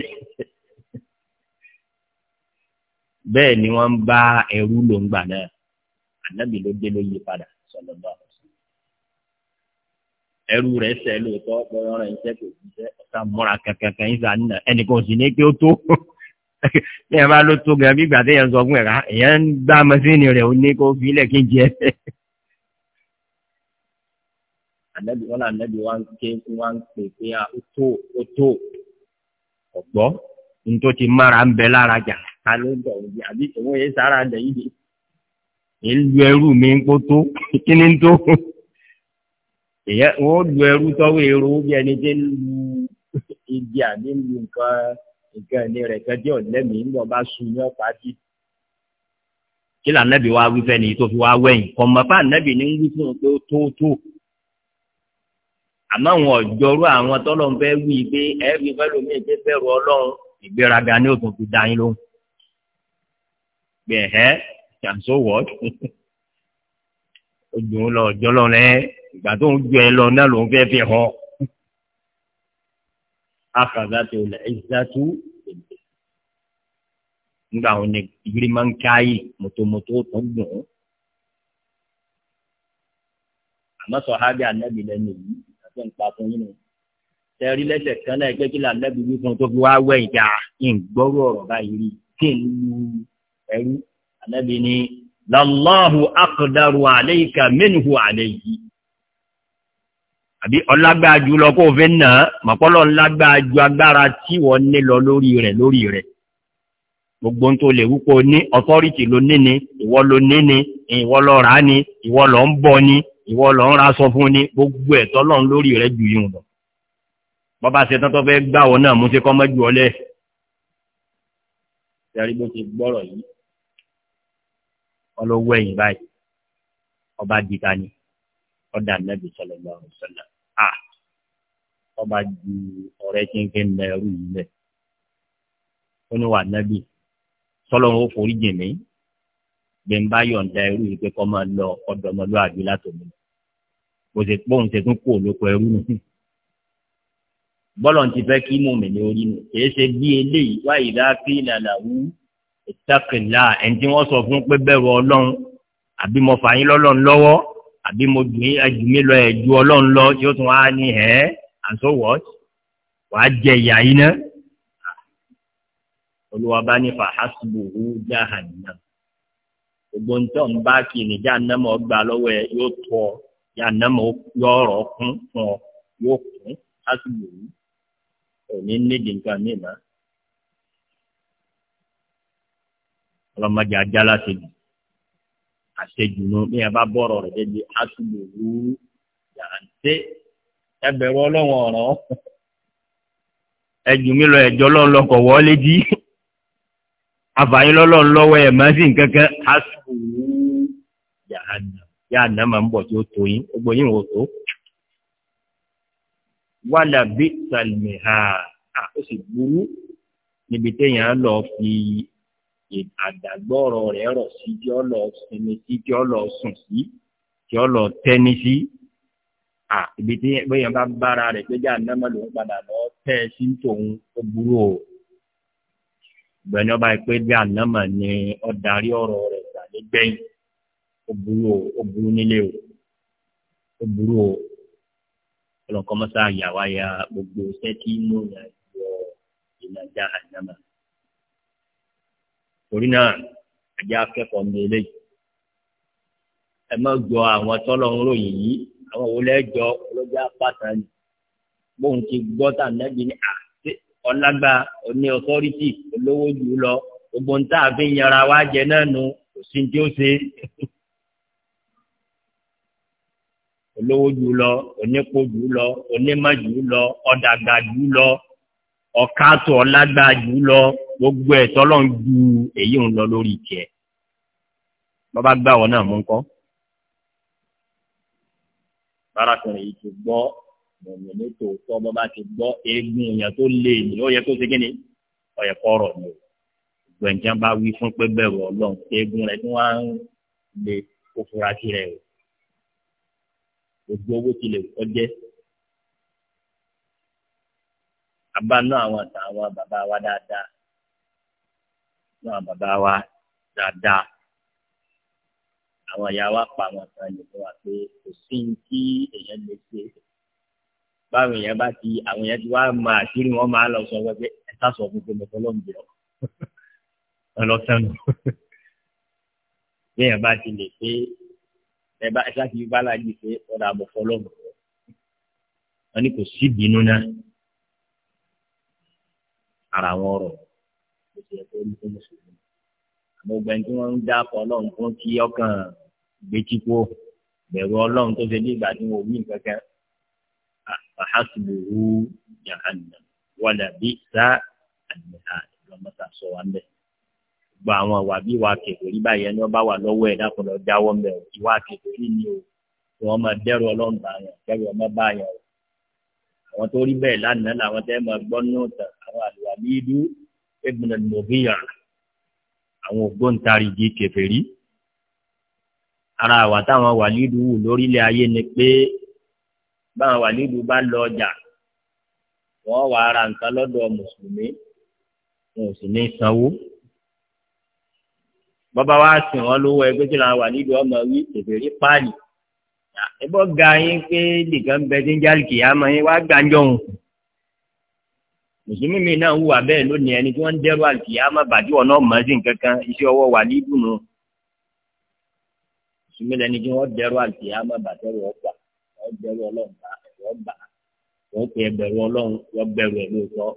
bẹ́ẹ̀ ni wọ́n ń bá ẹrú ló ń gbà náà ànábì ló dé ló yí padà sọ̀rọ̀ bá ẹrú rẹ̀ sẹ́ lóòótọ́ pé ọ̀rọ̀ iṣẹ́ kò jíṣẹ́ ọ̀sán múra kankan kan yín sàn ẹnìkan ò sì ní pé ó tó. ní ẹ̀ bá ló tó gan bí ìgbà tí èèyàn sọ fún eji ń gbá rẹ̀ ní kó fi ilẹ̀ ń ké ń pè pé ó ti mára ń bẹ lára jà ló ń bọ̀ òbí àbí òun yẹn sára dẹ̀ yìí ẹrú mi ń kó tó kí ni tó lu ẹrú bí ẹni tí nǹkan ẹni rẹ̀ kẹ́jẹ́ ọ̀lẹ́mìí ń bọ̀ bá sun ní ọ̀pá sí. kí là nẹ́bí wá wí fẹ́ tó fi wá wẹ̀yìn kọ̀mọ̀fà nẹ́bí ní wí fún un tó tó. àmọ́ àwọn ọ̀jọ́rú àwọn tọ́lọ̀ ń fẹ́ wí pé ẹ̀rí fẹ́lómi ìgbé fẹ́rù ọlọ́run ìgbéraga ní òtún fi dáyín lóhùn. gbẹ̀hẹ́ ṣàǹṣó wọ́ọ̀d ojú lọ ọjọ́ lọ rẹ ìgbà tó ń ju ẹ lọ náà lòún fẹ́ fi hàn akadàtò ìzàtú ìdè nígbà wọn ni ìgbìrì moto moto káyì mọ̀tòmọ̀tò tó ń dùn ún àmọ́ sọ hábí ànábì lẹ́nu yìí àti nípa fún yín ni tẹ̀rí lẹ́sẹ̀ kan náà fi àbí ọlágbára jù lọ kó o fẹ́ nà á màpọ́lọ́ ńlágbára ju agbára tí wọ́n ní lọ lórí rẹ̀ lórí rẹ̀ gbogbo tó lè wúpo ní authority ló ní ni ìwọ ló ní ni ìwọ lọ rà á ni ìwọ lọ ń bọ ni ìwọ lọ ń ra sọ fún ni gbogbo ẹ̀tọ́ lọ́n lórí rẹ̀ ju yìí lọ bọ́bá ṣe tán tó fẹ́ gbà wọ́n náà mú sí kọ́ mọ́jú ọlẹ́ ṣẹ́rí bó báyìí ọba dìta ni ọ̀dà nẹ́bí sallallahu alaihi à ọba ju ọ̀rẹ́ kínkín ń bẹ ẹrú yìí bẹ ó ní wà nábì sọlọ́run ó forí jìn mí bí n bá yọ̀ǹda ẹrú yìí pé kọ́ máa lọ ọ̀dọ̀ ọmọlúwàbí látòmí kò sì pọ́ùn tẹ̀tún kú òlóko ẹrú nù bọ́lọ̀ ti fẹ́ kí mòmí ní orí nù kìí ṣe bí eléyìí wá ìdá kí ìlànà wú ìtàkìlá ẹni tí wọ́n sọ fún pé bẹ̀rù ọlọ́run àbí mo fà yín lọ́lọ́run lọ́wọ́ àbí mo gbé ẹjùmí lọ ẹjù ọlọ́run lọ yóò tún wá ní ẹ́ and so what wàá jẹ ìyá yìí ná olúwa bá ní fàhásùbùhù jáhànà gbogbo ń tọ́ ń bá kì ní jáhànàmọ́ gbà lọ́wọ́ ẹ yóò tọ́ jáhànàmọ́ yọ̀ọ̀rọ̀ kún fún ọ yóò kún fàhásùbùhù òní nídìí nǹkan mìíràn ọlọ́mọdé ajá láti dùn àṣejùnú bí ẹ bá bọ̀rọ̀ rẹ̀ débi àtúbò wú yàǹté ẹbẹ̀rù ọlọ́wọ̀n ọ̀ràn ẹjù mi lọ ẹjọ́ lọ́n lọkọ̀ wọlé jí àfààní lọ́lọ́n lọ́wọ́ ẹ̀ máa sì ń kankan àtúbò wú yàǹté yàǹté máa ń bọ̀ tí ó tó yín gbogbo yín wò tó. wàlà bí sàlmì ha ó sì burú níbi téèyàn lọ fi àgbàgbọ́rọ̀ rẹ̀ rọ̀ sí tí ó lọ sinmi sí tí ó lọ sùn sí tí ó lọ tẹ́ni sí à ibi tí bóyá bá bára rẹ̀ pé jáà nẹ́mọ̀ lòún padà lọ tẹ́ ẹ sí tòun ó burú o ìgbẹ́ni ọba pé jáà nẹ́mọ̀ ni ó darí ọ̀rọ̀ rẹ̀ gbà nígbẹ̀yìn ó burú o ó burú nílé o ó burú o ọlọ́kọ́ mọ́sá àyàwá ya gbogbo iṣẹ́ tí mò ń yà yọ ìlàjà torí náà ẹjẹ akẹ́kọ̀ọ́ ní eléyìí ẹ má gbọ́ àwọn tọ́lọ̀ ń ròyìn yìí àwọn wo lẹ́jọ́ olójà pàtàkì ni bóun ti gbọ́ tà nẹ́bí ni à ọlágbá oní ọtọ́rítì olówó jù lọ gbogbo nta àfi yàrá wa jẹ náà nu kò sí ní tí ó ṣe olówó jù lọ onípo jù lọ onímọ̀ jù lọ ọ̀dàgbà jù lọ ọ̀kátó ọlágbá jù lọ gbogbo ẹ̀tọ́ ọlọ́run ju èyí ń lọ lórí tiẹ̀ bàbá gbà wọ́n náà mú kọ́ bárakùnrin yìí ti gbọ́ mọ̀mọ́ ní tòótọ́ bọ́ bá ti gbọ́ eégún èèyàn tó lé ní ó yẹ kó ṣe kíni ó yẹ kó ọ̀rọ̀ ni gbẹ̀ǹjẹ́ bá wí fún pé bẹ̀rù ọlọ́run eégún rẹ̀ tí wọ́n á lè kó fura sí rẹ̀ o gbogbo owó tilẹ̀ kọ́ jẹ́ abáná àwọn àtàwọn bàbá wa dáadáa náà bàbá wa dáadáa àwọn ìyá wa pa àwọn kan lè fún wa pé kò sí ní kí èèyàn lè ṣe báwọn èèyàn bá ti àwọn èèyàn ti wá máa àṣírí wọn máa lọ sọ wẹpẹ ẹka sọ fún pé mo fọlọ́ ń bẹ̀ ọ́ bí èèyàn bá ti lè pé ẹ bá ẹka ti bá láàyè pé ọ̀dà mo fọlọ́ ń bẹ̀ wọn ni kò sí ìbínú náà ara wọn rọ̀ tiẹ̀ tó ní fún mùsùlùmí àmọ́ gbẹ̀ǹ tí wọ́n ń dá fọ ọlọ́run tó ń kí ọkàn gbèjì kó bẹ̀rù ọlọ́run tó ṣe ní ìgbà tí wọ́n wí kankan àhásùbùrù jahannam wàlà bí sá àdìmẹ́ta lọ́mọ́ta sọ wa mẹ́ gbogbo àwọn àwà bí ìwà kẹfẹ́rí báyẹn ni wọ́n bá wà lọ́wọ́ ẹ̀ dákọ̀lọ́ jáwọ́ mẹ́ ìwà kẹfẹ́rí ni o tí wọ́n máa dẹ́rù ọlọ́run bá yàn kẹ́rù ọmọ bá yàn o àwọn tó rí bẹ́ẹ̀ lánàá làwọn tẹ́ máa gbọ́ nù tán àwọn àlùwà bí dú ibn al-Mughira àwọn ògbóǹtarìgì kèfèrí ara wa táwọn wàlídù wù lórílẹ̀ ayé ni pé báwọn wàlídù bá lọ ọjà wọ́n wà ara nǹkan lọ́dọ̀ mùsùlùmí wọn ò sì ní sanwó bàbá wa sìn wọ́n lówó ẹgbẹ́ tí làwọn wàlídù ọmọ wí kèfèrí páàlì ẹbọ ga yín pé nìkan bẹ tí ń jáde kìyàmọ yín wá gbàǹjọ òun mùsùlùmí mi náà wùwà bẹ́ẹ̀ lónìí ẹni tí wọ́n ń dẹ́rù àlùkìyámà bàtí wọn náà mọ̀ sí nǹkan kan iṣẹ́ ọwọ́ wà ní ìdùnnú mùsùlùmí lẹni tí wọ́n dẹ́rù àlùkìyámà bàtí wọn pa wọ́n dẹ́rù ọlọ́run bá wọ́n bá wọ́n pè é bẹ̀rù ọlọ́run wọ́n bẹ̀rù ẹ̀ lóòótọ́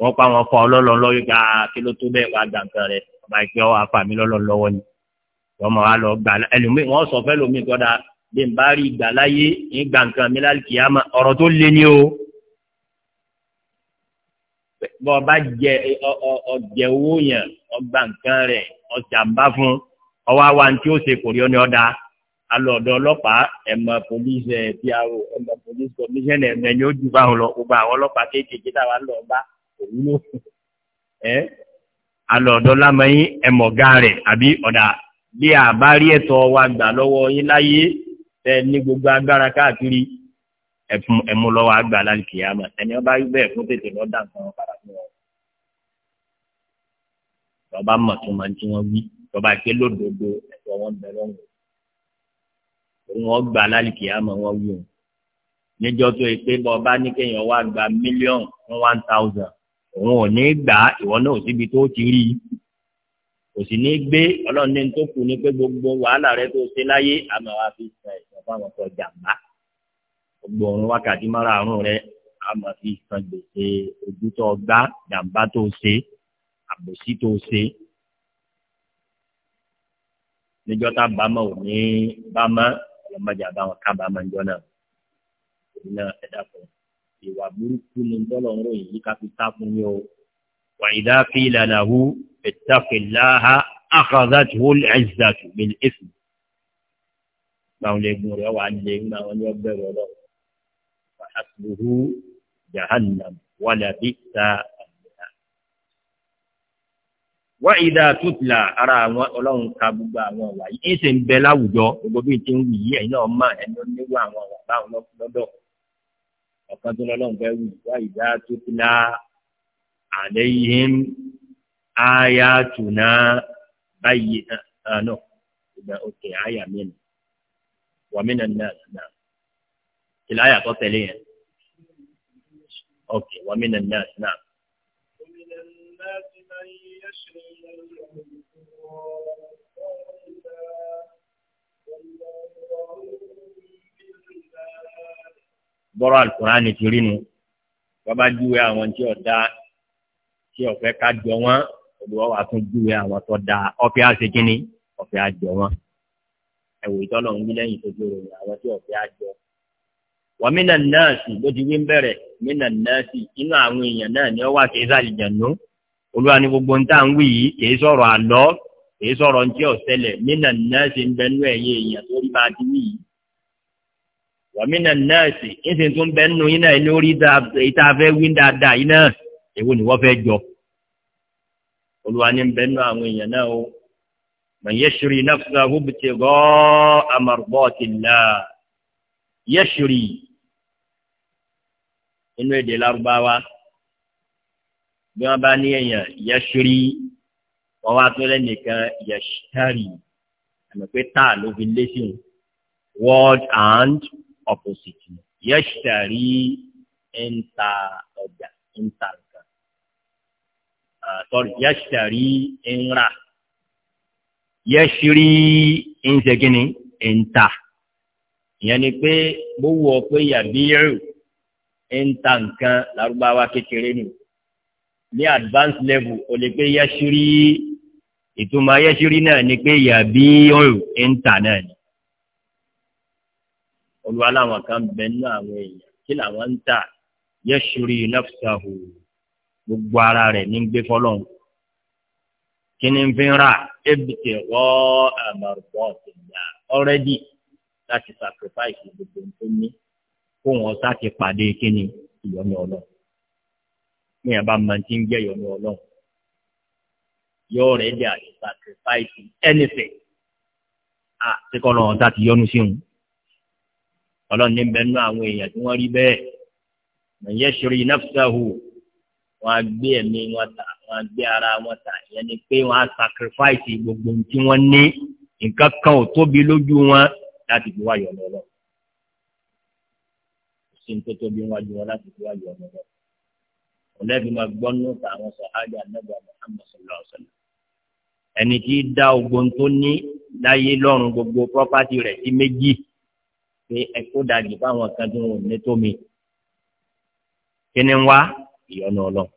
wọ́n pa wọn kọ́ ọlọ́run lọ́wọ́ ká kí ló tó bẹ́ẹ̀ wá gbàǹkan rẹ̀ ọba ìpẹ́ ọ afàmì lọ́lọ́run lọ́wọ́ ni wọ́n mọ̀ wá lọ gbà ẹlòmíì wọ́n sọ fẹ́ lòmíì kọ́dà o bọ́ ọba jẹ ọjẹ owó yẹn ọgbà nǹkan rẹ̀ ọjà ń bá fún ọwọ́ àwa tí ó ṣe kò rí ọ ní ọ̀dà alọ́ ọ̀dọ̀ ọlọ́pàá ẹ̀mọ polisi ẹ̀ pro ẹ̀mọ polisi commissioner ẹ̀mọ ẹ̀yìn ojú báwọn lọ gbogbo àwọn ọlọ́pàá kéékèèké táwa ń lọ bá òun ló ẹ́ alọ́ ọ̀dọ̀ lámẹ́yìn ẹ̀mọ ọ̀gá rẹ̀ àbí ọ̀dà bí àbárí ẹ̀tọ́ wa gbà lọ́wọ́ yín láyé tẹ ní gbogbo agbára káàkiri ẹmu lọ́wọ́ àgbà lálùkìyàmà ẹni ọba yí bẹ́ẹ̀ fún tètè lọ́dà nǹkan padà fún wọn. lọ́ba mọ̀ tó máa ń tí wọ́n wí lọ́ba ké lódodo ẹ̀tọ́ wọn bẹ lọ́wọ́. òun wọn gbà lálùkìyàmà wọn wí o. níjọ́ tó yẹ pé bọ́ba ní kéèyàn wá gba mílíọ̀nù fún one thousand òun ò ní gbà ìwọ náà síbi tó ti rí i kò sì ní gbé ọlọ́run ní tó kù ní pé gbogbo wàhálà rẹ tó ṣe láyé àmọ́ wa fi sàn ìsàn fáwọn ọkọ̀ jàmbá gbogbo ọ̀run wákàtí márààrún rẹ a máa fi san gbèsè ojú tó gbá jàǹbá tó ṣe àbòsí tó ṣe níjọ́ tá bámọ ò ní bámọ ọlọmọdé àbáwọn kábàámọ níjọ náà èyí náà ẹ dàpọ̀ ìwà burúkú ni tọ́lọ̀ ń ròyìn yìí ká fi tá fún yín o wà ìdá qila lahu ittaqillaha akhadhathu al-izzatu bil-ithmi. gbàwọn lè gùn rẹ wà lè ń gbà wọn ní ọbẹ̀ rẹ lọ́wọ́ hasbuhu jahannam wàlẹ̀ bí sa àgbẹ̀dá. wọ́n ìdá tutla ara àwọn ọlọ́run ka gbogbo àwọn ọ̀wà yìí ń sì ń bẹ láwùjọ gbogbo bí ti ń wù yí ẹ̀yin náà mọ̀ ẹni oníwà àwọn ọ̀wà báwọn lọ́dọ̀ ọ̀kan tó lọ́lọ́run fẹ́ wù wọ́n ìdá tutla àlẹ́yìn ayatuna báyìí ah, náà ìgbà òkè àyà mìíràn wàmínà náà náà ti láyà tó tẹ̀lé yẹn. ok wọ́n mi nàá náà náà. bọ́rọ̀ alukurani ti rí nu bàbá júwe àwọn tí ò da tí ò fẹ́ ká jọ wọ́n olùwọ́ wa tún júwe àwọn tó da ọ̀fẹ́ àṣekínní ọ̀fẹ́ àjọ wọ́n ẹ̀wò ìtọ́lọ̀ ń wí lẹ́yìn tó jòrò ní àwọn tí ọ̀fẹ́ àjọ wa minan nasi ló ti wí ń bẹ̀rẹ̀ minan nasi inú àwọn èèyàn náà ni ó wà kì í sàlìjànú olúwa ni gbogbo ń tà ń wí yìí kì í sọ̀rọ̀ àlọ́ kì í sọ̀rọ̀ ntí ọ̀sẹ̀lẹ̀ minan nasi ń bẹ nú ẹ̀yẹ èèyàn tó rí bá ti wí yìí wa minan nasi ń sì tún bẹ iná ẹni orí ìta fẹ́ wí dáadáa iná èwo ni wọ́n fẹ́ jọ olúwa ni ń bẹ àwọn èèyàn náà o man yashri nafsahu ibtigha'a mardati llah yashri nínú èdè lárúbáwá bí wọn bá ní èèyàn yẹsírí wọn wá tó lẹ́nìkan yẹsítárì àmì pé tá ló fi lé sí wọn word and opposite yẹsítárì ń ta ọjà ń ta nǹkan sorry yẹsítárì ń rà yẹsírí ń ṣe ìyẹn ni pé bó wù yàbí yẹrù ń ta nǹkan lárúbáwá kékeré nù ní advanced level o lè pé yẹ́sírí ìtumọ̀ yẹ́sírí náà ni pé yàbí ọ̀rù ń tà náà ni. olúwa láwọn kan bẹ nínú àwọn èèyàn kí làwọn ń tà yẹ́sírí nafsahu gbogbo ara rẹ̀ ní gbé fọlọ́n kí fi ń rà ebìtẹ̀ wọ́ àmàrùbọ̀ ọ̀sẹ̀ yà ọ̀rẹ́dì láti sacrifice gbogbo nǹkan ní kó wọn sá pàdé kíni ìyọnu ọlọ́run ní ẹ̀bá máa ti ń jẹ́ ìyọnu ọlọ́run yóò rẹ̀ dẹ̀ àti sacrifice anything à ti kọ́ lọ́wọ́ sá ti yọnu sí ọlọ́run ní bẹ́ẹ̀ nú àwọn èèyàn tí wọ́n rí bẹ́ẹ̀ man yashri nafsahu wọn á gbé ẹ̀mí wọn ta wọn á gbé ara wọn ta ìyẹn ni pé wọn á sacrifice gbogbo tí wọ́n ní nǹkan kan ò tóbi lójú wọn láti fi wá ìyọnu ọlọ́run sin tó tóbi wájú wọn láti fi wájú ọmọ rẹ ọlẹ́bí máa gbọ́ nùtà àwọn sọ̀hájà nẹ́bà Muhammad sallallahu alaihi wasallam ẹni tí dá ogun tó ní láyé lọ́rùn gbogbo pọ́pátì rẹ̀ sí méjì pé ẹ̀kọ́ dàgbé fáwọn kan tí wọn ò ní tó mi wá ìyọnu ọlọ́run.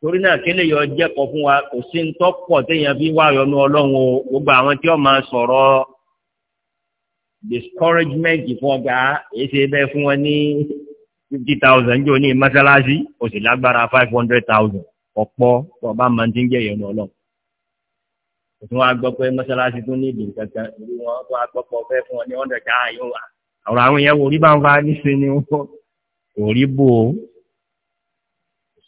torí náà kí yọ jẹ́kọ̀ọ́ fún wa kò sí ń tọ́pọ̀ téèyàn fi wá ìyọnu ọlọ́run o gbogbo àwọn tí wọ́n máa sọ̀rọ̀ discouragement fún ọgbà èsì bẹ́ẹ̀ fún wọn ní fifty thousand jò ní mọ́sálásí o sì lágbára five hundred thousand ọ̀pọ̀ tó ọba máa ti ń jẹ́ ìyẹn lọ́lọ́ òtún wa gbọ́ pé mọ́sálásí tún ní ìdè kankan ìlú wọn tó agbọ́pọ̀ fẹ́ fún wọn ní hundred ká yóò wà àwọn àwọn yẹn wò rí bá ń fa níṣẹ́ ni wọ́n kò rí bò ó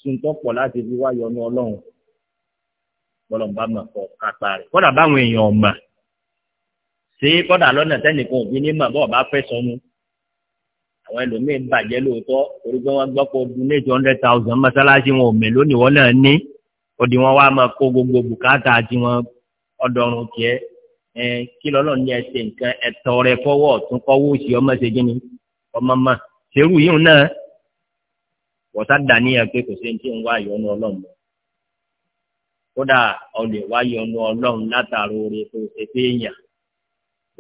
suntọ́pọ̀ láti fi wáyọ̀ ní ọlọ́run bọ́lọ̀ bá mọ̀ kọ́ kápá rẹ̀ kọ́dà báwọn èèyàn ọ̀ ṣé kọ́dà lọ́nà tẹ́nìkan òbí ní mọ̀ bọ́ọ̀ bá fẹ́ sọnù àwọn ẹlòmíín bàjẹ́ lóòótọ́ torí pé wọ́n gbọ́ pé ọdún eight hundred thousand mọ́sálásí wọn ò mẹ́ lónìí wọ́n náà ní òdì wọn wá máa kó gbogbo bùkátà àti wọn ọdọọrùn tiẹ ẹ kí lọ́nà ní ẹsẹ̀ nǹkan ẹ̀tọ́ rẹ fọwọ́ tún kọ́wọ́ òsì ọmọ ṣe ni ọmọ mọ̀ ṣerú yìí náà wọ́tá dàníyàn pé kò sí ní ń wá ìyọnu ọlọ́run kódà ọ̀lẹ̀ wá ìyọnu ọlọ́run látàrí oore tó ṣe fẹ́ yàn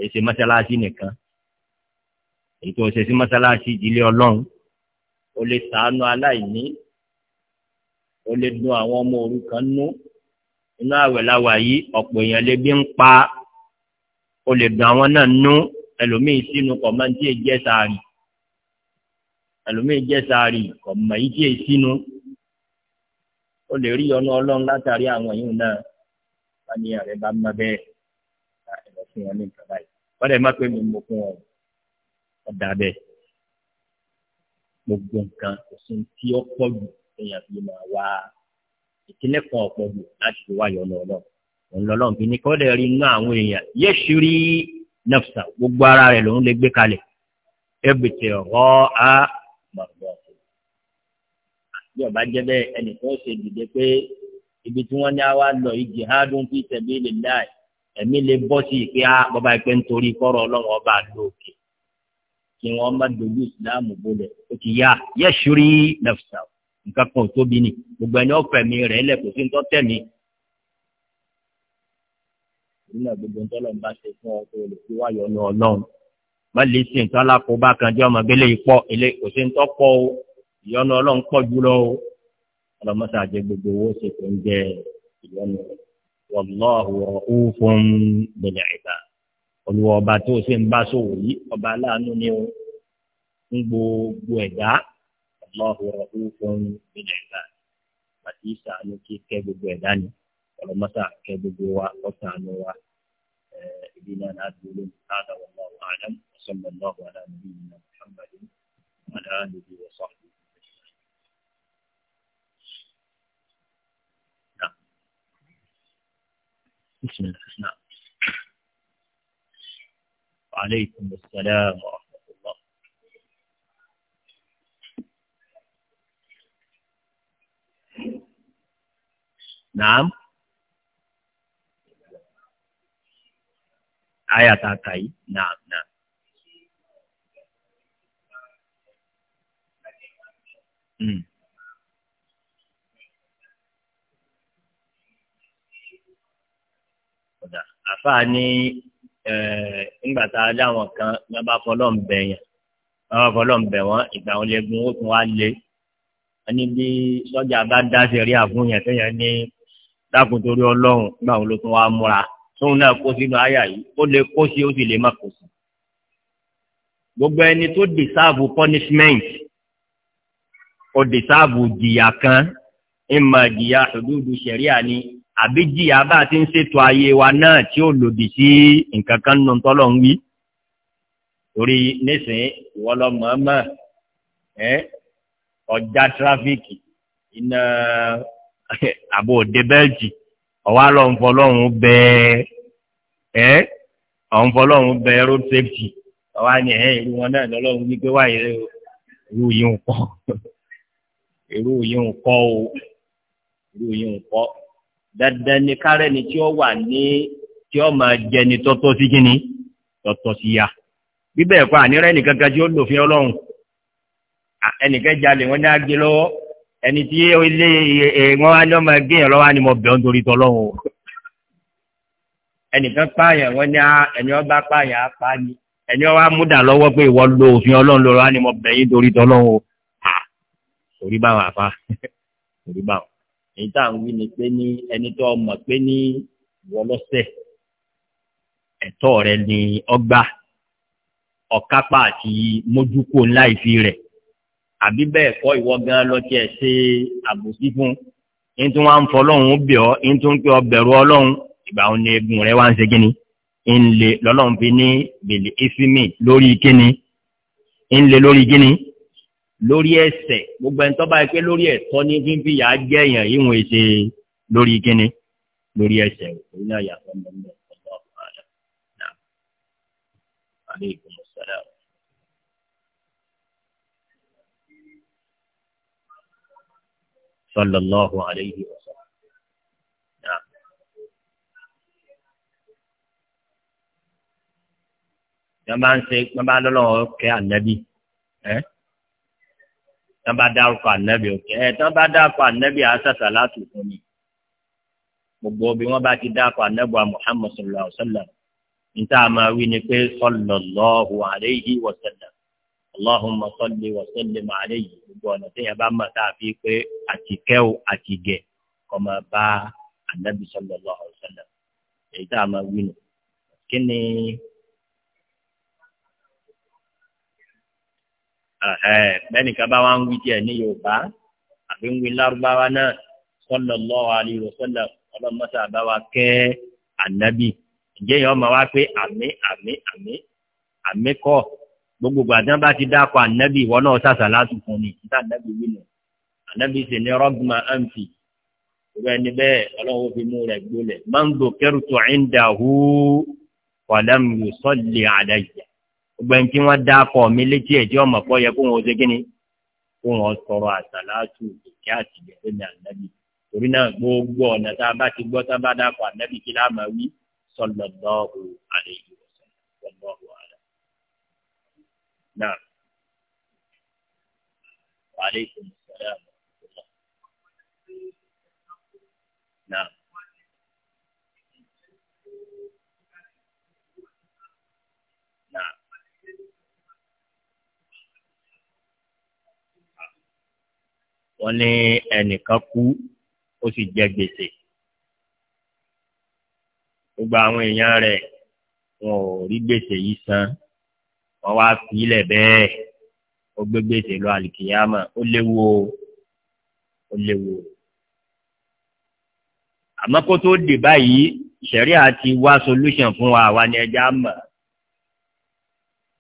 èyí ṣe mọ́ṣáláṣí nìkan èyí tó ṣe sí mọ́ṣáláṣí ìdílé ọlọ́run ó lè ṣàánú aláìní ó lè dun àwọn ọmọ òrukàn nú inú àwẹ̀ láwa yìí ọ̀pọ̀ èèyàn lè bí ń pa ó lè dun àwọn náà nú ẹlòmíì sínú kọ̀mọ́ntì èjẹ́ sàárì ẹlòmíì jẹ́ sàárì kọ̀mọ́ yìí jẹ́ sínú ó lè rí ọ̀nà ọlọ́run látàrí àwọn yìí náà wọ́n ní ààrẹ bá mọ bẹ́ẹ̀ ẹ̀rọ fún wọn ní ìjọba wọ́n dẹ̀ má pé mi mo fún ọ ọ̀dà bẹ́ẹ̀ gbogbo nǹkan kò sí tí ó pọ̀ jù èèyàn fi máa wá ìkíní kan ọ̀pọ̀ jù láti fi wáyọ̀ lọ lọ òun lọ́lọ́ bí ní kọ́dẹ̀ rí inú àwọn èèyàn yé ṣírí nafsa gbogbo ara rẹ̀ lòun lè gbé kalẹ̀ ẹ̀bìtì ọ̀rọ̀ á mọ̀gbọ́n bí ọba jẹ́ bẹ́ẹ̀ ẹnìkan ó ṣe dìde pé ibi tí wọ́n ní ẹ̀mí lè bọ́ sí ìpè á ah, bọ́bá ìpè nítorí kọ́rọ̀ ọlọ́run ọba lóòkè kí wọ́n má dojú ìsìláàmù bolẹ̀ ó ti yá yẹ́sùrí nafsa nǹkan kan ò tóbi ni gbogbo ẹni ọ̀fẹ̀mí rẹ̀ lẹ̀ kò sí ń tọ́tẹ̀ mi. nínú gbogbo ń tọ́lọ̀ ń bá ṣe fún ọ tó lè fi wáyọ̀ ọlọ́run má lè ṣe nǹkan alákòóbá kan jẹ́ ọmọ gbélé ipọ́ ilé kò sí ń tọ́pọ̀ o ìyọnu ọlọ́run pọ̀ jùlọ o ọlọ́mọṣà jẹ gbogbo owó ṣètò ń jẹ ìyọnu rẹ̀ wallahu ra'ufun bil ibad olùwọ̀ ọba tó o ṣe ń bá sòwò yìí ọba aláàánú ni o ń gbogbo ẹ̀dá wallahu ra'ufun bil ibad àti ìṣàánú kí kẹ́ gbogbo ẹ̀dá ni ọlọ́mọ́sà kẹ́ gbogbo wa ọ̀ṣàánú wa ibi náà náà dúró هذا والله أعلم وصلى الله على نبينا محمد وعلى آله وصحبه بسم الله نعم وعليكم السلام ورحمة الله نعم آية تاكاي نعم نعم Mm. àfáà ní ńgbà tá a dáwọn kan ní wọn bá fọlọ́ ń bẹ̀ yẹn wọn bá fọlọ́ ń bẹ̀ wọ́n ìgbà wọn lè gun ó tún wá lé wọn ní bí sọ́jà bá dá sẹ̀rí àfúnyàn sẹ́yìn ní dákun torí ọlọ́run nígbà wọn ló tún wá múra tóun náà kó sínú àyà yìí ó lè kó sí ó sì lè má kó sí. gbogbo ẹni tó deserve punishment ó deserve jìyà kan ìmọ̀ jìyà hududu ṣẹ̀ríà ni àbí jìyà bá ti ń ṣètò ayé wa náà tí ó lòdì sí nǹkan kan nù tọ́lọ̀ ń wí torí nísìnyí ìwọ lọ mọ̀ọ́mọ̀ ẹ ọjà tírafíkì iná àbò òde bẹ́ẹ̀tì ọwọ́ àlọ́ ńfọlọ́run bẹ ẹ ọ̀nfọlọ́run bẹ road safety ọwọ́ àni ẹ̀ irú wọn náà lọ́lọ́run wípé wáyé irú yìí ń kọ́ irú yìí ń kọ́ o irú yìí ń kọ́ dandan ni kárẹ́ ni tí ó wà ní tí ó máa jẹ ni tọ́tọ́ sí kíni tọ́tọ́ sí ya bíbẹ̀ ẹ̀kọ́ ànírẹ́ nìkan kan tí ó lòfin ọlọ́run ẹnìkan jalè wọn ní agbe lọ́wọ́ ẹni tí ó lé wọn á ní ọmọ ẹgbẹ́ yẹn lọ́wọ́ á ní mo bẹ̀ ọ́ nítorí tọ́lọ́run o ẹnìkan pààyàn wọn ní ẹni ọba pààyàn á pa ni ẹni ọba múdà lọ́wọ́ pé ìwọ lo òfin ọlọ́run lọ́wọ́ á ní mo bẹ̀ yín torí tọ́lọ́run o torí báwọn àfa torí báwọn èyí tá à ń wí ni pé ní ẹni tó mọ̀ pé ní ìwọ lọ́sẹ̀ ẹ̀tọ́ rẹ ni ọgbà ọ̀kápá àti mójúkó ńlá ìfi rẹ̀ àbí bẹ́ẹ̀ kọ́ ìwọ gan lọ tiẹ̀ ṣe àbòsí fún ń tún wá ń fọ ọlọ́run bẹ̀ ọ́ ń tún pé ọbẹ̀rù ọlọ́run ìgbà òun ni egun rẹ wá ń ṣe kíni ń lè lọ́lọ́run fi ní bèlè éfímì lórí kíni ń lè lórí kíni lórí ẹ̀ṣẹ̀ gbogbo ẹni tó bá yẹ pé lórí ẹ̀tọ́ ní fífi yà á jẹ èèyàn yìí wọn ṣe lórí kíni lórí ẹ̀ṣẹ̀ òkú náà yàtọ̀ mọmọ ọgbà ọgbà rẹ náà alẹ ìgbìmọ̀ sọlá. sallallahu alayhi wa sallam. yàrá ń ṣe yàrá lọ́lọ́wọ́ kẹ́ ànábì tán bá dárúkọ ànábì òkè ẹ tán bá dárúkọ ànábì àṣàṣà láti fún mi gbogbo bí wọn bá ti dárúkọ ànábì Muhammad sallallahu alaihi wa sallam níta máa wí ni pé sallallahu alaihi wa sallam allahumma salli wa sallim alaihi gbogbo ọ̀nà tí yẹn bá mọ̀ tá a fi pé àtikẹ́wò àtìgẹ̀ kọ́ máa bá ànábì sallallahu alaihi wa sallam èyí tá a máa wí nù kí ni. bẹ́ẹ̀nìkan bá wá ń wí díẹ̀ ní yorùbá àbí ń wí lárúbáwá náà sallallahu alaihi wasallam ọlọ́mọta àbáwá kẹ́ ànábì ǹjẹ́ yẹn ọmọ wa pé àmì àmì àmì àmì kọ́ gbogbo àdán bá ti dákọ̀ ànábì ìwọ náà sàṣà láti fún ni níta ànábì wí nù ànábì sì ní rọ́gbìmọ̀ àǹfì ìwé ẹni bẹ́ẹ̀ ọlọ́run fi mú rẹ̀ gbólẹ̀ man dhukirtu indahu wa lam yusalli alayya gbẹ̀yìn tí wọ́n dákọ̀ mi létí ẹ̀ tí ọmọ kọ́ yẹ kó wọn ṣe kíni kó wọn sọ̀rọ̀ àsàlátù ìkẹ́ àti ìgbẹ́fẹ́ ní ànábì torí náà gbogbo ọ̀nà tá a bá ti gbọ́ tá a bá dákọ̀ ànábì kí láàmà wí sallallahu alayhi wa sallam sallallahu alayhi náà wa alaykum salaam wọ́n ní ẹnìkan kú ó sì jẹ gbèsè gbogbo àwọn èèyàn rẹ̀ wọn ò rí gbèsè yìí san wọ́n wá fílẹ̀ bẹ́ẹ̀ ó gbé gbèsè lọ àlìkìyàmà ó léwu o ó léwu o àmọ́ kó tó dé báyìí ìṣẹ̀rí àti wá solution fún wa àwa ni ẹja mọ̀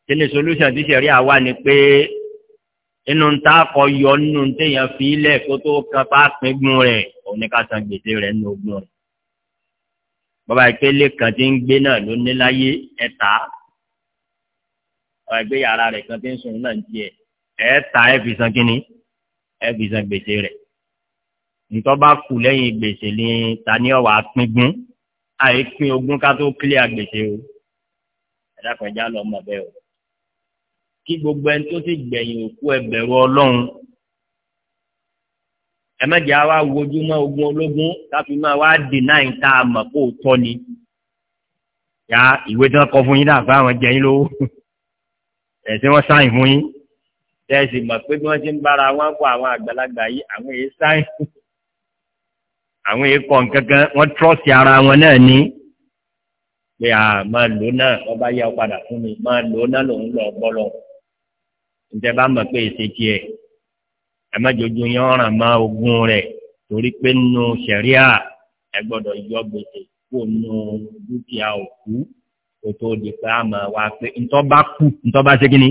kí ni solution tí ìṣẹ̀rí àwa ni pé inú ta kọ yọ nínú téèyàn fi ilẹ̀ kó tó kan bá pínpín rẹ̀ òun ní ká san gbèsè rẹ̀ nínú ogún rẹ̀. bàbá ìpele kan ti ń gbé náà ló ní láyé ẹ̀ta bàbá ìgbé yàrá rẹ̀ kan ti ń sùn náà ń tiẹ̀ ẹ̀ẹ́ta ẹ̀ fi san kínní ẹ̀ fi san gbèsè rẹ̀. ntọ́ bá kù lẹ́yìn gbèsè ni ọ̀wà pínpín àìpín ogún ká tó kílíà gbèsè o ẹ̀dá kan já lọ mọ̀ bẹ́ẹ̀ o kí gbogbo ẹni tó sì gbẹ̀yìn òkú ẹ ọlọ́run ẹ má jẹ́ àwa wojú ogun ológun káfí máa wá dènà ìta àmọ́ kó o tọ́ ni ya ìwé tí wọ́n kọ fún yín dàgbà àwọn jẹ yín lówó ẹ̀sìn wọn sáyìn fún yín tẹ́sí mọ̀ pé bí wọ́n ti ń bára wọn kó àwọn àgbàlagbà yìí àwọn èyí sáyìn àwọn èyí kọ̀ nǹkankan wọ́n trọ́ọ̀sì ara wọn náà ní pé à máa lò náà wọ́n bá yá ọ padà fún mi máa lò náà lòun lọ bọ́ njẹ bá mọ̀ pé èsì tiẹ̀ ẹ má jojú yín ọ̀ràn má ogún rẹ̀ torí pé nínú sẹ̀ríà ẹ gbọ́dọ̀ yọ gbèsè kó nínú dúkìá òkú kó tó di pé a mọ̀ wá pé ntọ́ bá kú ntọ́ bá ṣe kíni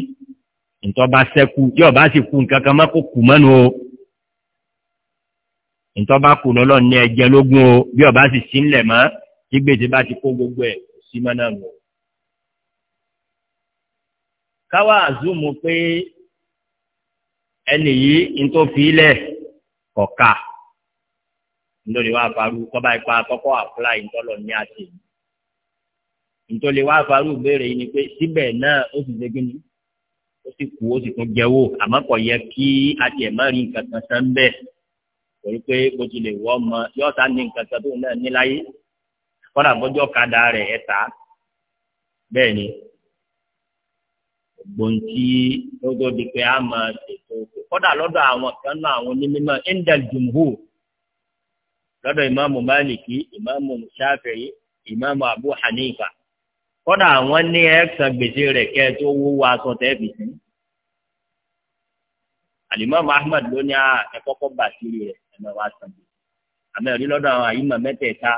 ntọ́ bá sẹ́kù yóò bá sì kú nǹkan kan má kó kù mọ́nu o ntọ́ bá kù lọ́lọ́ ní ẹ̀jẹ̀ lógún o bí ọba sì sí ńlẹ̀ mọ́ tí gbèsè bá ti kó gbogbo ẹ̀ sí mọ́ lọ káwá àzúmu pé ẹnì yìí ń tó fi lẹ̀ kọ̀ka nítorí wàá farú kọ́ba ipa kọ́kọ́ àfúláì ńtọ́lọ̀ ní àti nítorí wàá farú béèrè yìí ni pé síbẹ̀ náà ó sì ṣe kíni ó sì kú ó sì tún jẹ́wọ́ àmọ́ kò yẹ kí àti ẹ̀ má rí nǹkan kan sán bẹ́ẹ̀ torí pé bó ti lè wọ́ ọmọ yóò sá ní nǹkan kan tó náà ní kọ́dà bọ́jọ́ kadà rẹ̀ ẹ̀ ta bẹ́ẹ̀ ni gbòǹtì lọ́dọ̀ di pé a máa ṣètò kọ́dà lọ́dọ̀ àwọn kan náà àwọn onímọ̀ indal jumhur lọ́dọ̀ ìmáàmù Málìkì ìmáàmù Ṣáfi'í ìmáàmù Abu Hanifa kọ́dà àwọn ní ẹ̀sán gbèsè rẹ̀ kẹ́ ẹ tó wó wa aṣọ tẹ́ fi sí. Alimamu Ahmad ló ní ah, ẹ̀kọ́kọ́ bàtírì rẹ̀ ẹ̀ máa wá sàn. àmọ́ ẹ̀rí lọ́dọ̀ àwọn àyímọ̀ mẹ́tẹ̀ẹ̀ta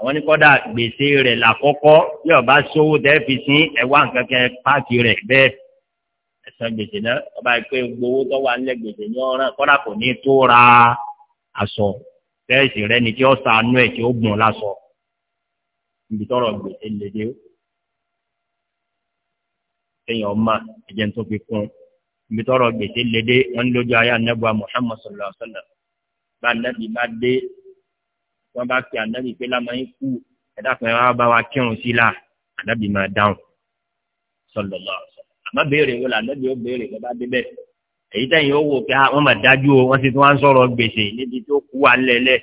àwọn ní kọ́dà gbèsè rẹ̀ làkọ́kọ́ bí ọba sówó tẹ́ fi sí ẹ̀wá nǹkan kẹ́ páàkì rẹ̀ bẹ́ẹ̀ ẹ̀sán gbèsè náà ọba ìpè gbowó tó wà nílẹ̀ gbèsè ní ọ̀ràn kọ́dà kò ní tó ra aṣọ tẹ́ẹ̀sì rẹ ni tí ó sànú ẹ̀ tí ó gbọ̀n lásọ ibi tọrọ gbèsè lédè ó kéèyàn ọmọ ẹ̀jẹ̀ tó fi kún ibi tọrọ gbèsè lédè wọn lójú ayé anábùa Muhammad sallallahu alaihi wa sallam bá wọn bá fi ànábì pé lámà yín kú ẹ̀dá kan wá bá wa kírun sí la ànábì máa dáhùn sọlọlọ àmọ́ béèrè wo la ànábì ó béèrè lọ bá débẹ̀ èyí tẹ̀yìn ó wò pé ah, wọ́n mà dájú o wọ́n sì tún wá ń sọ̀rọ̀ gbèsè níbi tó kú wa ńlẹ̀lẹ̀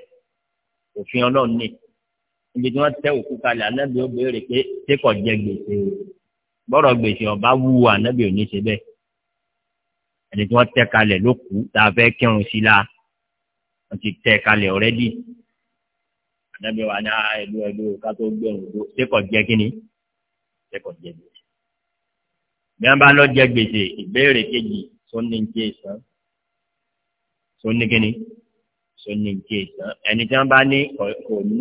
òfin ọlọ́run ní ibi tí wọ́n tẹ òkú kalẹ̀ ànábì ó béèrè pé sékọ̀ jẹ gbèsè bọ́rọ̀ gbèsè ọba wú ànábì ò ní ṣe bẹ́ẹ̀ ẹni tí wọ́n tẹ kalẹ̀ ló kú tá a fẹ́ kírun sí la wọ́n ti tẹ kalẹ̀ ọ̀rẹ́dì ànábi wa ní ẹdú ah, ẹdú ká tó gbé òun tó sékọ̀ jẹ́ kínní sékọ̀ jẹ́ gbèsè. bí wọ́n bá lọ jẹ gbèsè ìbéèrè kejì sóní ń ké sàn sóní kínní sóní ń ké sàn ẹni tí wọ́n bá ní kò ní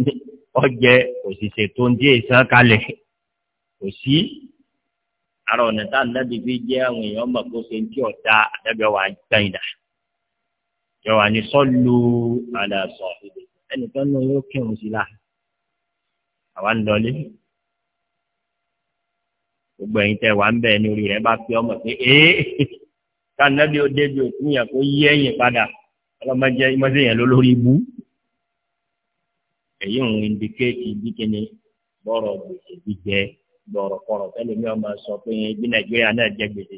ọjẹ òṣìṣẹ́ tó ń ké sàn kalẹ̀ kò sí ara ọ̀nà tá fi jẹ́ àwọn èèyàn mọ̀ kó ṣe ń tí ọ̀tá wa gbẹ̀yìn dà yọ wà ní sọ́ọ̀lù àdàsọ̀ ìdè ẹnìkan náà yóò kírun sí la àwa ń lọlé gbogbo ẹ̀yin tẹ́ wà ń bẹ ní orí rẹ bá fi ọmọ pé ee kanabi ó débi òkú yẹn kó yí ẹ̀yìn padà ọlọmọdé ìmọdé yẹn ló lórí ibú èyí ń indikéètì bí kíni bọrọ gbèsè gbígbẹ bọrọ kọrọ tẹ́lẹ̀ mi ọmọ sọ pé bí nàìjíríà náà jẹ gbèsè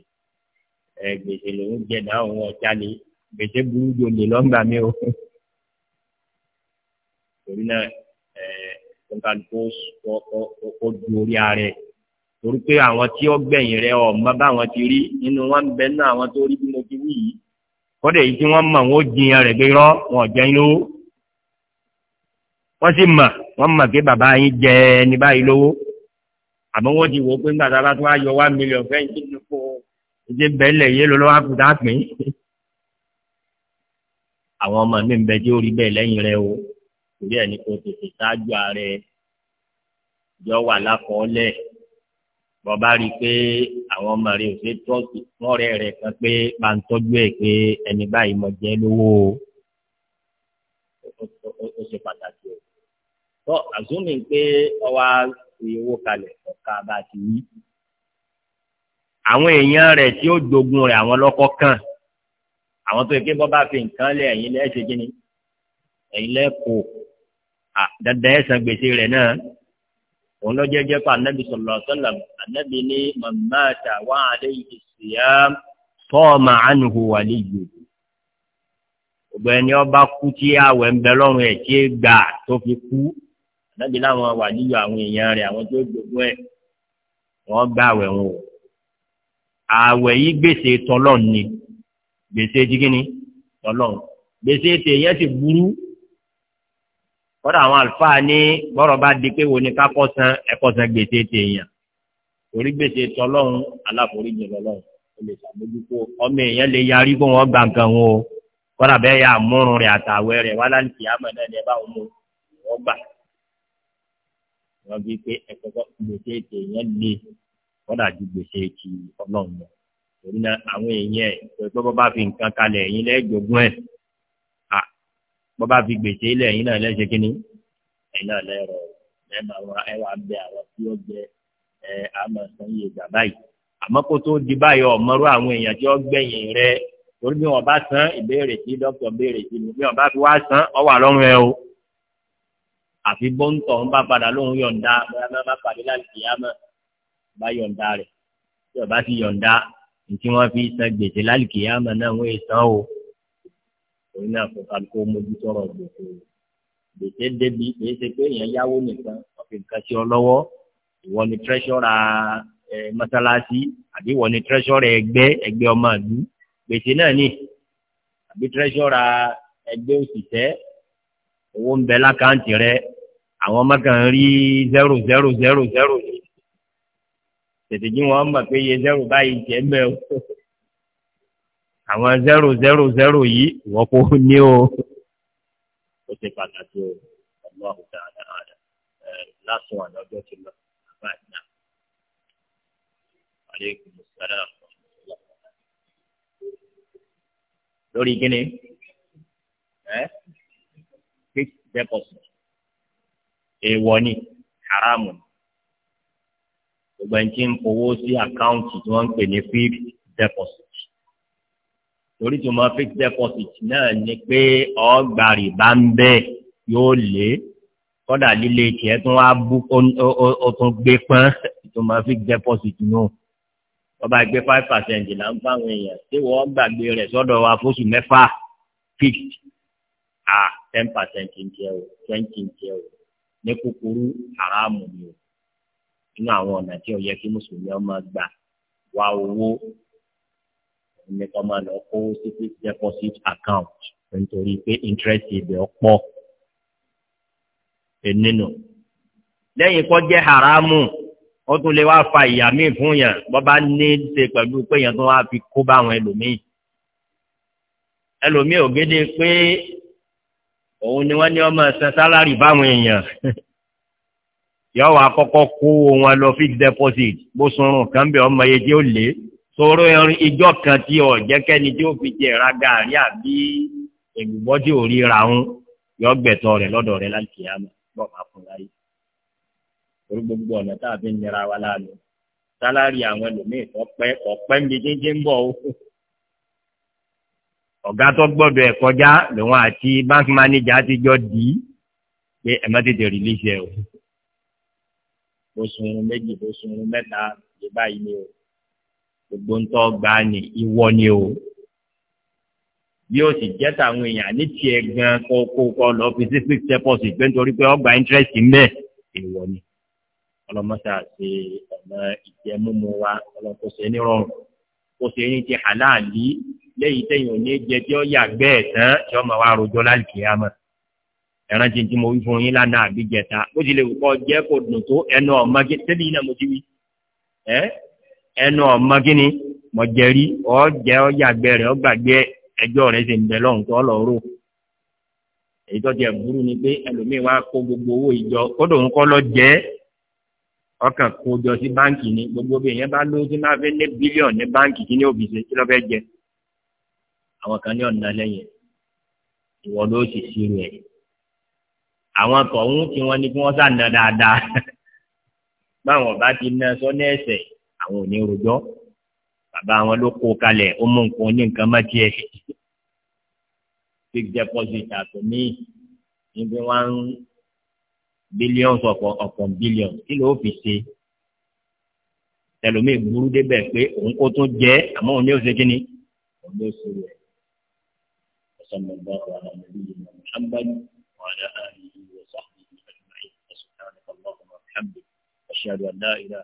gbèsè lòún jẹ náà òun ọjà ni gbèsè burú jòlè lọ́ngbà mi o torí náà kọ́ńtàlùkọ́ ó du orí ara ẹ̀ torí pé àwọn tí ó gbẹ̀yìn rẹ̀ ọ̀ma báwọn ti rí nínú wọn ń bẹ náà àwọn tó rí bí mo ti wí yìí kọ́dẹ̀ yìí tí wọ́n mọ̀ wọ́n jiyàn rẹ̀ pé rọ́ wọn ò jẹun lówó wọ́n sì mọ̀ wọ́n mọ̀ pé bàbá yín jẹ ẹni báyìí lówó àmọ́ wọ́n ti wò ó pé nígbà tá a bá tún wá yọ wá mílíọ̀nù fẹ́yìn tí kó ìdí bẹ́ẹ̀lẹ̀ yé lọ́wọ́ á pín àwọn ọmọ mi ń bẹ tí ó rí bẹ́ẹ̀ lẹ́yìn rẹ̀ o torí ẹ̀ ní kó tètè ṣáájú ààrẹ jọ wà lákọọ́lẹ̀ bọ́ba rí i pé àwọn ọmọ rẹ̀ ò ṣe tọ́sí mọ́rẹ́ rẹ̀ kan pé bá ń tọ́jú ẹ̀ pé ẹni báyìí mọ̀ jẹ́ lówó o ṣe pàtàkì ẹ̀. tọ́ àzúmi pé ọwọ́ owó kalẹ̀ ọ̀ka bá ti wí. àwọn èèyàn rẹ̀ tí ó dogun rẹ̀ àwọn lọ́kọ́ kàn àwọn tó yẹ kí bọ́ba fi nǹkan lẹ̀ ẹ̀yin lẹ́ẹ̀ṣẹ̀ kí ni ẹ̀yin lẹ́ẹ̀kọ́ dandan ẹ̀ san gbèsè rẹ̀ náà òun ló jẹ́jẹ́ pa anabi sallallahu alaihi wasallam anabi ní mamata wa alayhi siyam sọ́ọ̀mà ànuhu wàlíyù gbogbo ẹni ọba kú tí àwẹ̀ ń bẹ lọ́rùn ẹ̀ tí gbà tó fi kú anabi láwọn wàlíyù àwọn èèyàn rẹ̀ àwọn tó gbogbo ẹ̀ wọ́n gbà àwẹ̀ wọn o àwẹ̀ yìí gbèsè tọlọ́ọ̀ ni gbèsè jígínní tọlọ́ọ̀ gbèsè tèèyàn ti burú kọ́dà àwọn àlùfáà ní bọ́rọ̀ bá di pé wo ni ká kọ́ san ẹ̀kọ́ san gbèsè tèèyàn torí gbèsè tọlọ́run aláforíjì lọ́lọ́run ó lè ṣàmójútó ọmọ èèyàn lè yarí kó wọ́n gbà nǹkan wọn o kọ́dà bẹ́ẹ̀ yà múrun rẹ̀ àtàwẹ́ rẹ̀ wá láǹtì àmọ́ náà ni ẹ bá wọn mú wọn gbà wọn fi pé ẹ̀kọ́ gbèsè tèèyàn lè kọ́dà ju gbèsè ti ọlọ́run lọ torí náà àwọn èèyàn ẹ̀ bọ́ bá fi gbèsè ilẹ̀ yín náà lẹ́sẹ̀ kínní ẹ̀yin náà lẹ́rọ ẹ̀ma wa ẹ̀ wà bẹ àwọn tí ó jẹ ẹ̀ àmọ̀ sàn yé gbà báyìí àmọ́ kó tó di báyọ̀ ọ̀mọ́rú àwọn èèyàn tí ó gbẹ̀yìn rẹ torí bí wọn bá san ìbéèrè tí dókítà béèrè sí ni bí wọn bá fi wá san ọ wà lọ́rùn ẹ o àfi bóńtọ̀ ń bá padà lóhùn yọ̀ǹda bóyá má pàdé láti yá bá yọ̀ǹda rẹ̀ tí ọba fi fi òun náà kó kálukó mójú tọrọ gbèsè gbèsè débi kìí ṣe pé èèyàn yáwó nìkan ọ̀fìn kan sí ọ lọ́wọ́ ìwọ ni tírẹ́ṣọ́ra ẹ mọ́sálásí àbí ìwọ ni tírẹ́ṣọ́ra ẹgbẹ́ ẹgbẹ́ ọmọ ìlú gbèsè náà ni àbí tírẹ́ṣọ́ra ẹgbẹ́ òṣìṣẹ́ owó ń bẹ lákàntì rẹ àwọn ọmọ kan rí zero zero zero zero tètè jí wọn mọ̀ pé iye zero báyìí jẹ́ mẹ́ o àwọn zero zero zero yìí wọ́n kò ní o ó ṣe pàtàkì o ọlọ́run àwùjọ àdáhàdà ẹ lásán àná ọjọ́ ti lọ bàbá àdá aleykum salaam lórí gíní ẹ fixed deposit èèwọ̀ ni haramu gbogbo ẹni tí ń fowó sí àkáǹtì tí wọ́n ń pè ní fixed deposit torí tó máa fix deposit náà ni pé ọgbà rìbá ń bẹ yóò lé kọ́dà líle tiẹ̀ tún wá bú ó tún gbé pọ́n tó máa fix deposit náà ọba gbé five percent là ń fáwọn èèyàn tí wọ́n gbàgbé rẹ̀ sọ́dọ̀ wa fóṣù mẹ́fà fixed ah ten percent ń jẹ o twenty ń jẹ o ní kúkúrú haramu ni o inú àwọn ọ̀nà tí ó yẹ kí mùsùlùmí ọmọ gbà wá owó nìkan máa lọ kó sí fixed deposit account nítorí pé interest ibẹ̀ ọ̀pọ̀ nínú. lẹ́yìn kọ́ jẹ́ haramu ó tún lè wá fa ìyà míì fún yàn bọ́ bá ní í ṣe pẹ̀lú pé yàn tó wá fi kó bá àwọn ẹlòmíì. ẹlòmíì ò pé òun ni wọ́n ní ọmọ ẹ̀sán sálárì báwọn èèyàn yọ wà kọ́kọ́ kó wọn lọ fixed deposit bó sunrun kan bẹ ọmọ yẹn tí ó lé sọ̀rọ̀ ẹ̀rin ìjọ kan tí ọ̀ jẹ́ kẹ́ni tí ó fi jẹ ra gàrí àbí èlùbọ́ tí ò rí ra ń yọ gbẹ̀tọ̀ rẹ̀ lọ́dọ̀ rẹ̀ láti àmọ́ bọ́ máa fún láyé. torí gbogbo ọ̀nà tá a fi ń nira wa lánàá sálárì àwọn ẹlòmíì ọ̀pẹ́ ọ̀pẹ́ mi dídí ń bọ̀ o. ọ̀gá tó gbọ́dọ̀ ẹ̀ e kọjá lòun àti bank manager ti jọ dì í pé ẹ̀ má tètè rìlíṣẹ́ o. bó sun méjì bó sun mẹ́ta ìbáyìí ni o gbogbo ń tọ́ gbà ní ìwọ ni o bí o sì jẹ́ tàwọn èèyàn ní tiẹ̀ gan kọ́kọ́ lọ fi sí deposit pé nítorí pé ọgbà interest ń ìwọ ni ọlọmọta ṣe ọ̀nà ìjẹmúmu wa ọlọ́kó ṣe ní rọrùn kó ṣe ní ti hàláàlì lẹ́yìn tẹ̀yìn ò ní jẹ tí ó yà gbẹ́ẹ̀ tán tí ọmọ wa rojọ́ láìkè á mọ̀ ẹ̀ràn tí tí mo wí fún yín lánàá àbí jẹta ó ti kọ́ jẹ́ kó dùn tó ẹnu ọ̀ma tẹ́lẹ̀ yìí náà mo ti wí ẹ́ ẹnu ọmọ gíní mọ̀jẹ̀rí ọ̀jẹ̀ ọ̀yàgbẹ́ rẹ̀ ọ̀gbàgbé ẹjọ́ rẹ̀ sì ń bẹ lọ́hùn tó lọ èyí tó jẹ burú ni pé ẹlòmíín wá kó gbogbo owó ìjọ kódò ń lọ jẹ́ ọkàn kó jọ sí báǹkì ni gbogbo bí bá ló sí máa fẹ́ ní báǹkì kí ní òbí ṣe kí jẹ àwọn kan ní ọ̀nà lẹ́yìn ìwọ ló sì rẹ̀ ti ná sọ ní àwọn ò ní rojọ́ bàbá àwọn ló kó kalẹ̀ ó mú nǹkan ní nǹkan má tiẹ̀ fixed deposit àtòmí níbi wọn billions ọ̀pọ̀ ọ̀pọ̀ billions kí ló fi ṣe tẹlomi burú débẹ̀ pé òun kó tún jẹ́ àmọ́ òun ní ó kí ni òun ní ó rẹ̀ ọ̀sán mọ̀gbọ́n ọ̀rọ̀ àwọn ọmọdé yìí mọ̀ ṣáàbàdì وعلى آله وصحبه أجمعين سبحانك اللهم وبحمدك أشهد أن لا إله